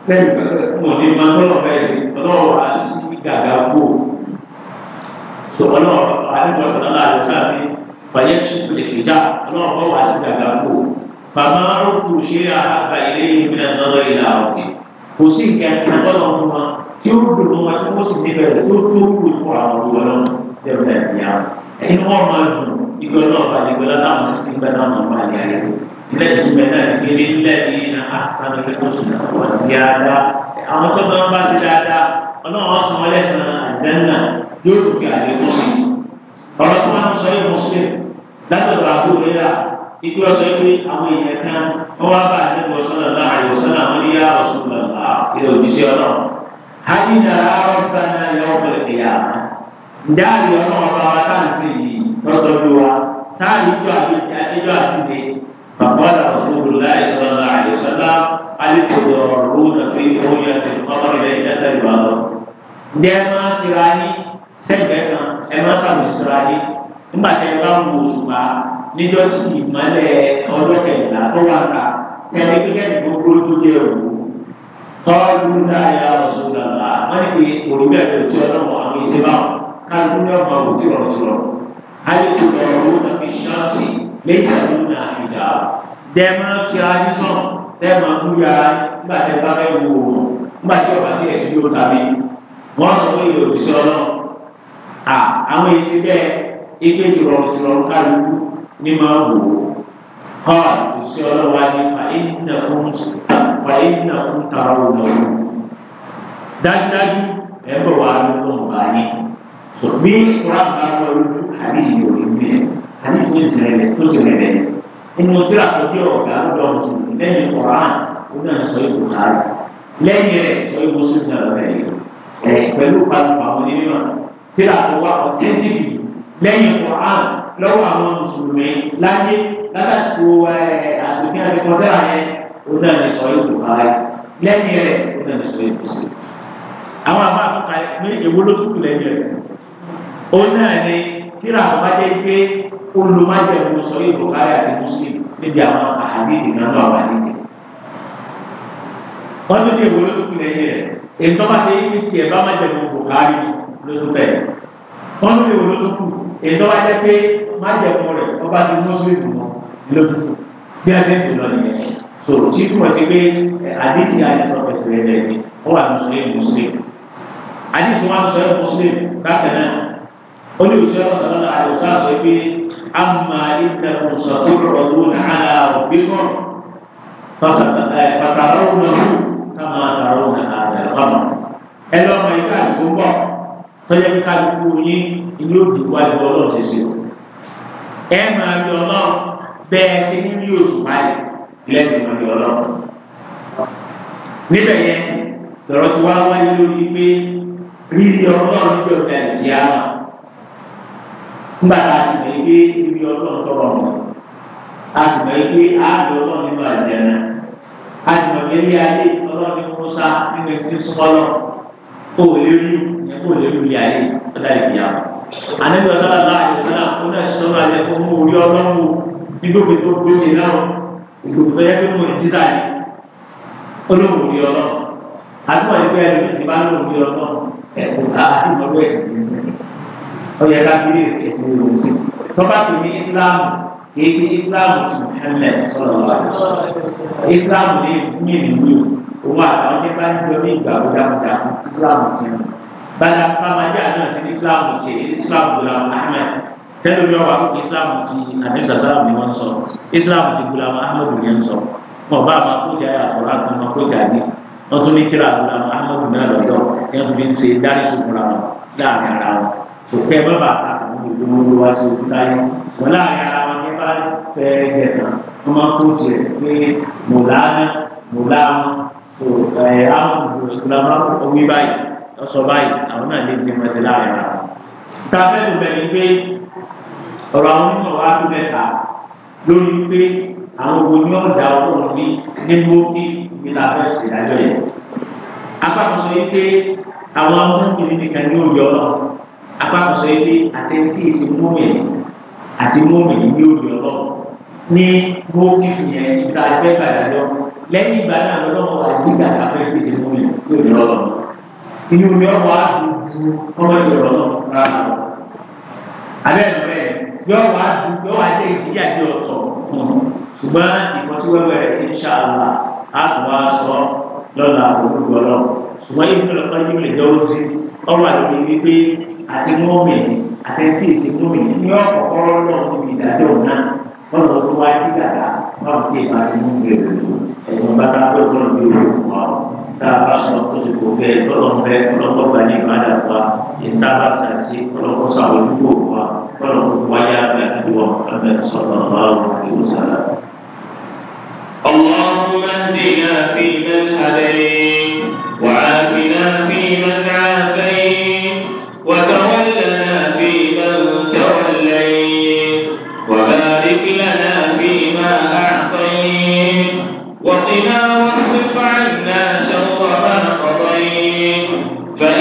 lẹ́yìn ìgbà mo ní máa tọ́lọ̀ bẹ́ẹ̀ ọlọ́wọ́ á sí gàgà kú ọlọ́wọ́ àdúgbò fàyẹ tukù lè fi dá ọlọ́run bọ́ wá sí gàgà kó fàmà rúkú ṣe àhàbà ilé ìgbìmọ̀ náà lọ́wọ́ ìlà òkè kò sí nǹkan kan tọ́lọ̀ fún wa tí ó dùn wọn tí wọ́n sì níbẹ̀ tó tó wù fún àwọn olùwọ́ lọ lẹ́wọ̀n náà ti yá ẹni wọ́n máa dùn ìgbẹ́ náà bá lè gbẹ́lá láwọn ti sí gbẹ́ náà máa máa yá ilé ìtumẹ̀ náà ìgbélé ilé ìyẹn náà ọ̀rọ̀ tó máa ń sọ yẹ mùsùlùm látọ̀dọ̀ àbú rírà ikú ọ̀sọ̀ yẹ pé àwọn èèyàn kan ó wá bá àdébò sọ́nà náà àyè sọ́nà wọn ní yá ọ̀sùn lọ́la ilẹ̀ òjíṣẹ́ ọlọ́run. hali nàá ọ̀gbà náà yọ ọ̀gbẹ̀rẹ̀ kìyà ndáàrí ọlọ́run ọba wa táà sí yìí tọ́jọ́ bí wa sáàyè ìjọ àdéjọ́ àdúgbò bàbá àrùsùn láì sọ́nà àyè sọ́nà alẹ́ sẹ́gbẹ̀ẹ́ kan ẹ má ṣàmùsọ̀rọ̀ ayé nígbà tí ẹ bá ń wo òṣùpá níjọ́ tí ìmọ̀lẹ̀ ọjọ́ kẹrìnlá tó wà ká tẹ̀lé kíkẹ́ni gbogbo tó jẹ́ òwò tọ́jú dáyà ọ̀ṣọ́gbà là wọ́n ní pé òrùlé ẹ̀dọ̀ tí ọlọ́mọ àwọn ìṣe bá wọn kájú ní ọmọ àwọn òtí ọ̀rọ̀ sọ̀rọ̀ ayé tó lọ ọ̀rọ̀ náà fi ṣáàṣì méjì àdúgbò náà ìjà dẹ́mọ́ ti ayé sàn dẹ́mọ́ kúya nígbà tí ẹ bá fẹ́ wo òun nígbà tí ọba sí ẹ̀sìn yóò tàbí wọ́n sọ pé ìròyìn sọ́ọ́ náà à àwọn èsì bẹ́ẹ̀ ike tìrọ̀rùn tìrọ̀rùn kálukú ní máa wò ó kọ́ òsì ọlọ́wà ní fàyínà fún tààrà òun dájúdájú ẹ bọ̀ wá lọ́wọ́ ọ̀gá yín bí kura bá wọ lójú àdìsí yóò rí bí ẹ àdìsí yóò sẹlẹ̀ tó sẹlẹ̀ rẹ̀ ẹni o ti rà tó dé ọ̀gá lọ́dọ̀ ọ̀tún lẹ́yìn koran ó náà sọ ìbò kárí lẹ́yìn rẹ̀ sọ ìbò sínú ẹ̀rọ rẹ̀ ẹ̀ pẹ̀lú pàtó àwọn onímọ̀ tíra tó wà ọ̀tẹ́ntìkì lẹ́yìn Quran lọ́wọ́ àwọn mùsùlùmí láyé látàsíkò àtòkí àtẹkọ̀tẹ́ àyẹn ọ̀nà ìsọ̀ yóò tó bá yẹ lẹ́yìn rẹ̀ ọ̀nà ìsọ̀ yóò tó sí. àwọn àbá àtúntà ní èwo ló túkù lẹ́yìn rẹ̀ ọ̀nà ni tíra tó bá jẹ́ pé olùmájẹ̀ ìmùsọ̀ yóò tó bá yẹ àti muslim níbi àwọn àhàdìdì náà lọ àwọn àdìsí. wọ́n tún ní èwo ló túkù lẹ́yìn rẹ̀ èyí tó bá ṣe é ló tún bẹ̀. wọ́n tún lè wò ló tún kù ètò wa jẹ́ pé má jẹ fún rẹ̀ ọba ti mọ́sílẹ̀mù mọ́ ló tún kù bí a ṣe ń tìlọ nìyẹn. so tí túmọ̀ sí pé eh, àdéhìí àyẹ̀sọ̀ fẹsẹ̀ rẹ̀ lẹ̀ ní ó wà mùsùlùmí mùsùlùmí. àdéhìí wọn sọ ẹ́ mùsùlùmí káfẹ́ náà ó ní òṣèlú ọ̀sán lọ́la àyẹ̀sọ̀ àṣọ pé àmà ìtẹ̀kùn sọ̀tún فترونه كما ترون هذا القمر ẹlọ ìgbà àsìkò ń bọ̀ tọ́jà ní kálukú yín ilé òdì wájú ọlọ́run ṣe ṣe o. ẹ máa yọ ọlọ́run bẹ́ẹ̀ ṣe ní bí oṣù báyìí lẹ́sìn máa yọ ọlọ́run. níbẹ̀ yẹn lọ́rọ̀ tí wá wáyé lórí pé rírì ọlọ́run níbi ọ̀gá ìjìyà náà ńgbà tá a sì mọ̀ pé ibi tọrọ mọ̀ a sì mọ̀ pé àádọ́ ọlọ́run nínú àjẹ́ náà a sì mọ̀ pé ilé ayé ọlọ́run ní musa nínú etí súnmọ́ lọ kó o lè kó lè lórí ayé ọ̀dà ìdíyà. Ànábi ọ̀sán àlá àyọ̀sán àkóná sọ̀rọ̀ àlẹ́ kó mú orí ọlọ́run nígbòkè tó gbóde náà ìgbòkè tó yẹ kó mú ìtítà yìí olóhùn orí ọlọ́run. Àdúgbò yìí pé ẹni tí bá ń lò orí ọlọ́run ẹ̀kú àti ìmọ̀lú ẹ̀sìn ní ìsìn. Ó yẹ ká kiri ẹ̀sìn ní ìsìn. Tọ́ba tó ní Ísílámù kìí ti Ísílámù tó Muhammad sọ̀rọ̀ wa. Ísílámù ní ìlú bala pàmàjà náà sí islam ti islam gulam ahmed tẹ́lẹ̀ bí wọ́n islam ti àdéhùn sàlámù ni wọ́n sọ islam ti gulam ahmed ni wọ́n sọ wọn bá àwọn akójà yà àkọ́rọ́ àti ọmọ akójà ní wọ́n tún ní tíra gulam ahmed náà lọ́dọ̀ tí wọ́n tún fi ń ṣe dárí sókun ra wọn láàrin ara wọn kò pẹ́ bàbà àtàkùn ìdúró wá sí ojú láyé wọn láàrin ara wọn ti bá fẹ́ gẹ̀ẹ́ta wọ́n máa kó tiẹ̀ pé mùlá náà mùlá wọn kò ẹ̀ àwọn ìgbìmọ̀ ìgbìmọ̀ ọsọ báyìí àwọn náà lè ti mọ̀ọ́sí láàrin ara sáfẹ́ tó bẹ̀rẹ̀ pé ọ̀rọ̀ àwọn onímọ̀ wa tó mẹ́ta lórí pé àwọn owó ní ọ̀dà owó ní nínú òbí ní láfẹ́ ìṣèdájọ́ yẹn apákan sọ pé àwọn ọmọkùnrin nìkan ní òbí ọlọ́run apákan sọ pé àtẹ̀tí ìsìn mọ́mìnì àti mọ́mìnì ní òbí ọlọ́run ní mọ́ọ̀kì yẹn ìgbà ẹgbẹ́ gbàdájọ́ lẹ́yìn ìgbà náà lọ́wọ́ àdìgbà láfẹ́ ìsìn mọ́mìnì ní òbí ọlọ́run inú mi ọ̀ wá dùn ọmọ ìṣòro náà rárá o. Abẹ́ ẹ̀rẹ́ yọ̀ wá dùn yọ̀ wá jẹ́ ìdíyà ní ọ̀tọ̀ fún un. Ṣùgbọ́n ìfọ́síwẹ́wẹ́ ìṣàlá àtúwá sọ lọ́la olúgbọ lọ. Ṣùgbọ́n yìí nílò kan yìí lè jẹ́ ozi ọ̀rọ̀ àdúgbò wípé àti mọ́mì àtẹ̀sí ìsìn mọ́mì ní ọ̀kọ̀ọ̀kọ́ náà níbi ìdájọ́ náà wọ́n lọ tó wá tá a bá sọ kó ti kò bẹ́ẹ̀ kọ́lọ́n bẹ́ẹ̀ kọ́lọ́kọ́ bá ní ìbáda wa ìta bá ta sí kọ́lọ́kọ́ kolon bee olùkọ́ wa kọ́lọ́kọ́ wáyé abẹ́ àdúrà abẹ́ sọ̀rọ̀ àwọn ìwé sàrà. اللهم اهدنا فيمن هديت وعافنا فيمن عافيت وتولنا فيمن توليت وبارك لنا فيما اعطيت وقنا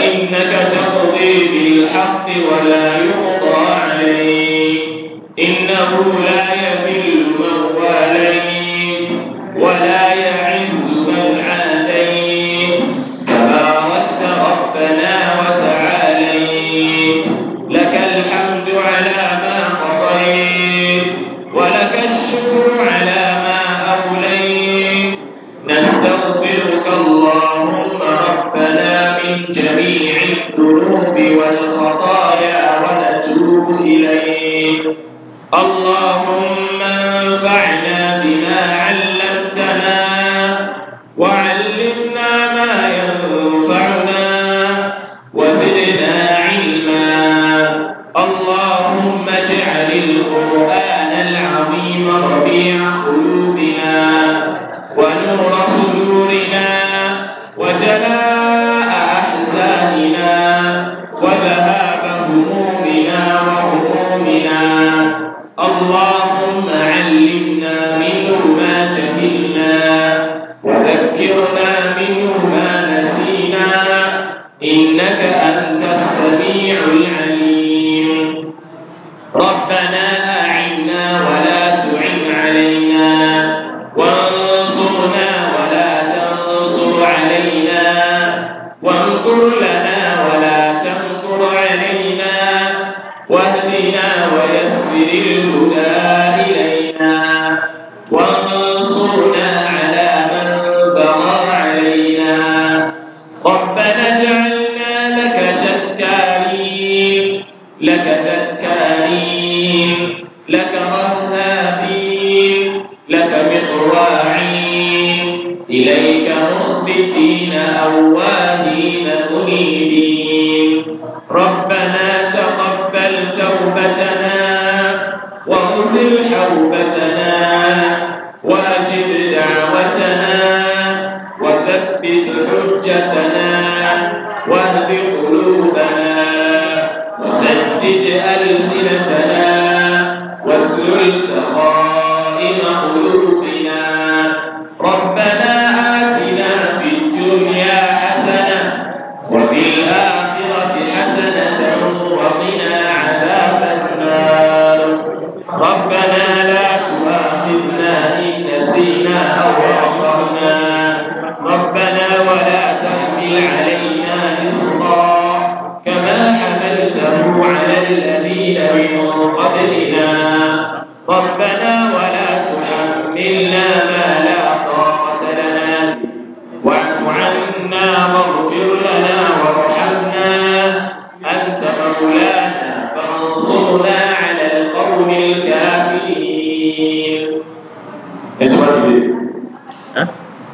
إنك تقضي بالحق ولا يقضى عليك إنه لا يملك اللهم انفعنا بما علمتنا وعلمنا ما ينفعنا وزدنا علما اللهم اجعل القرآن العظيم ربيع قلوبنا ونور صدورنا وجلاء أحزاننا وذهاب علمنا اللهم علمنا منه ما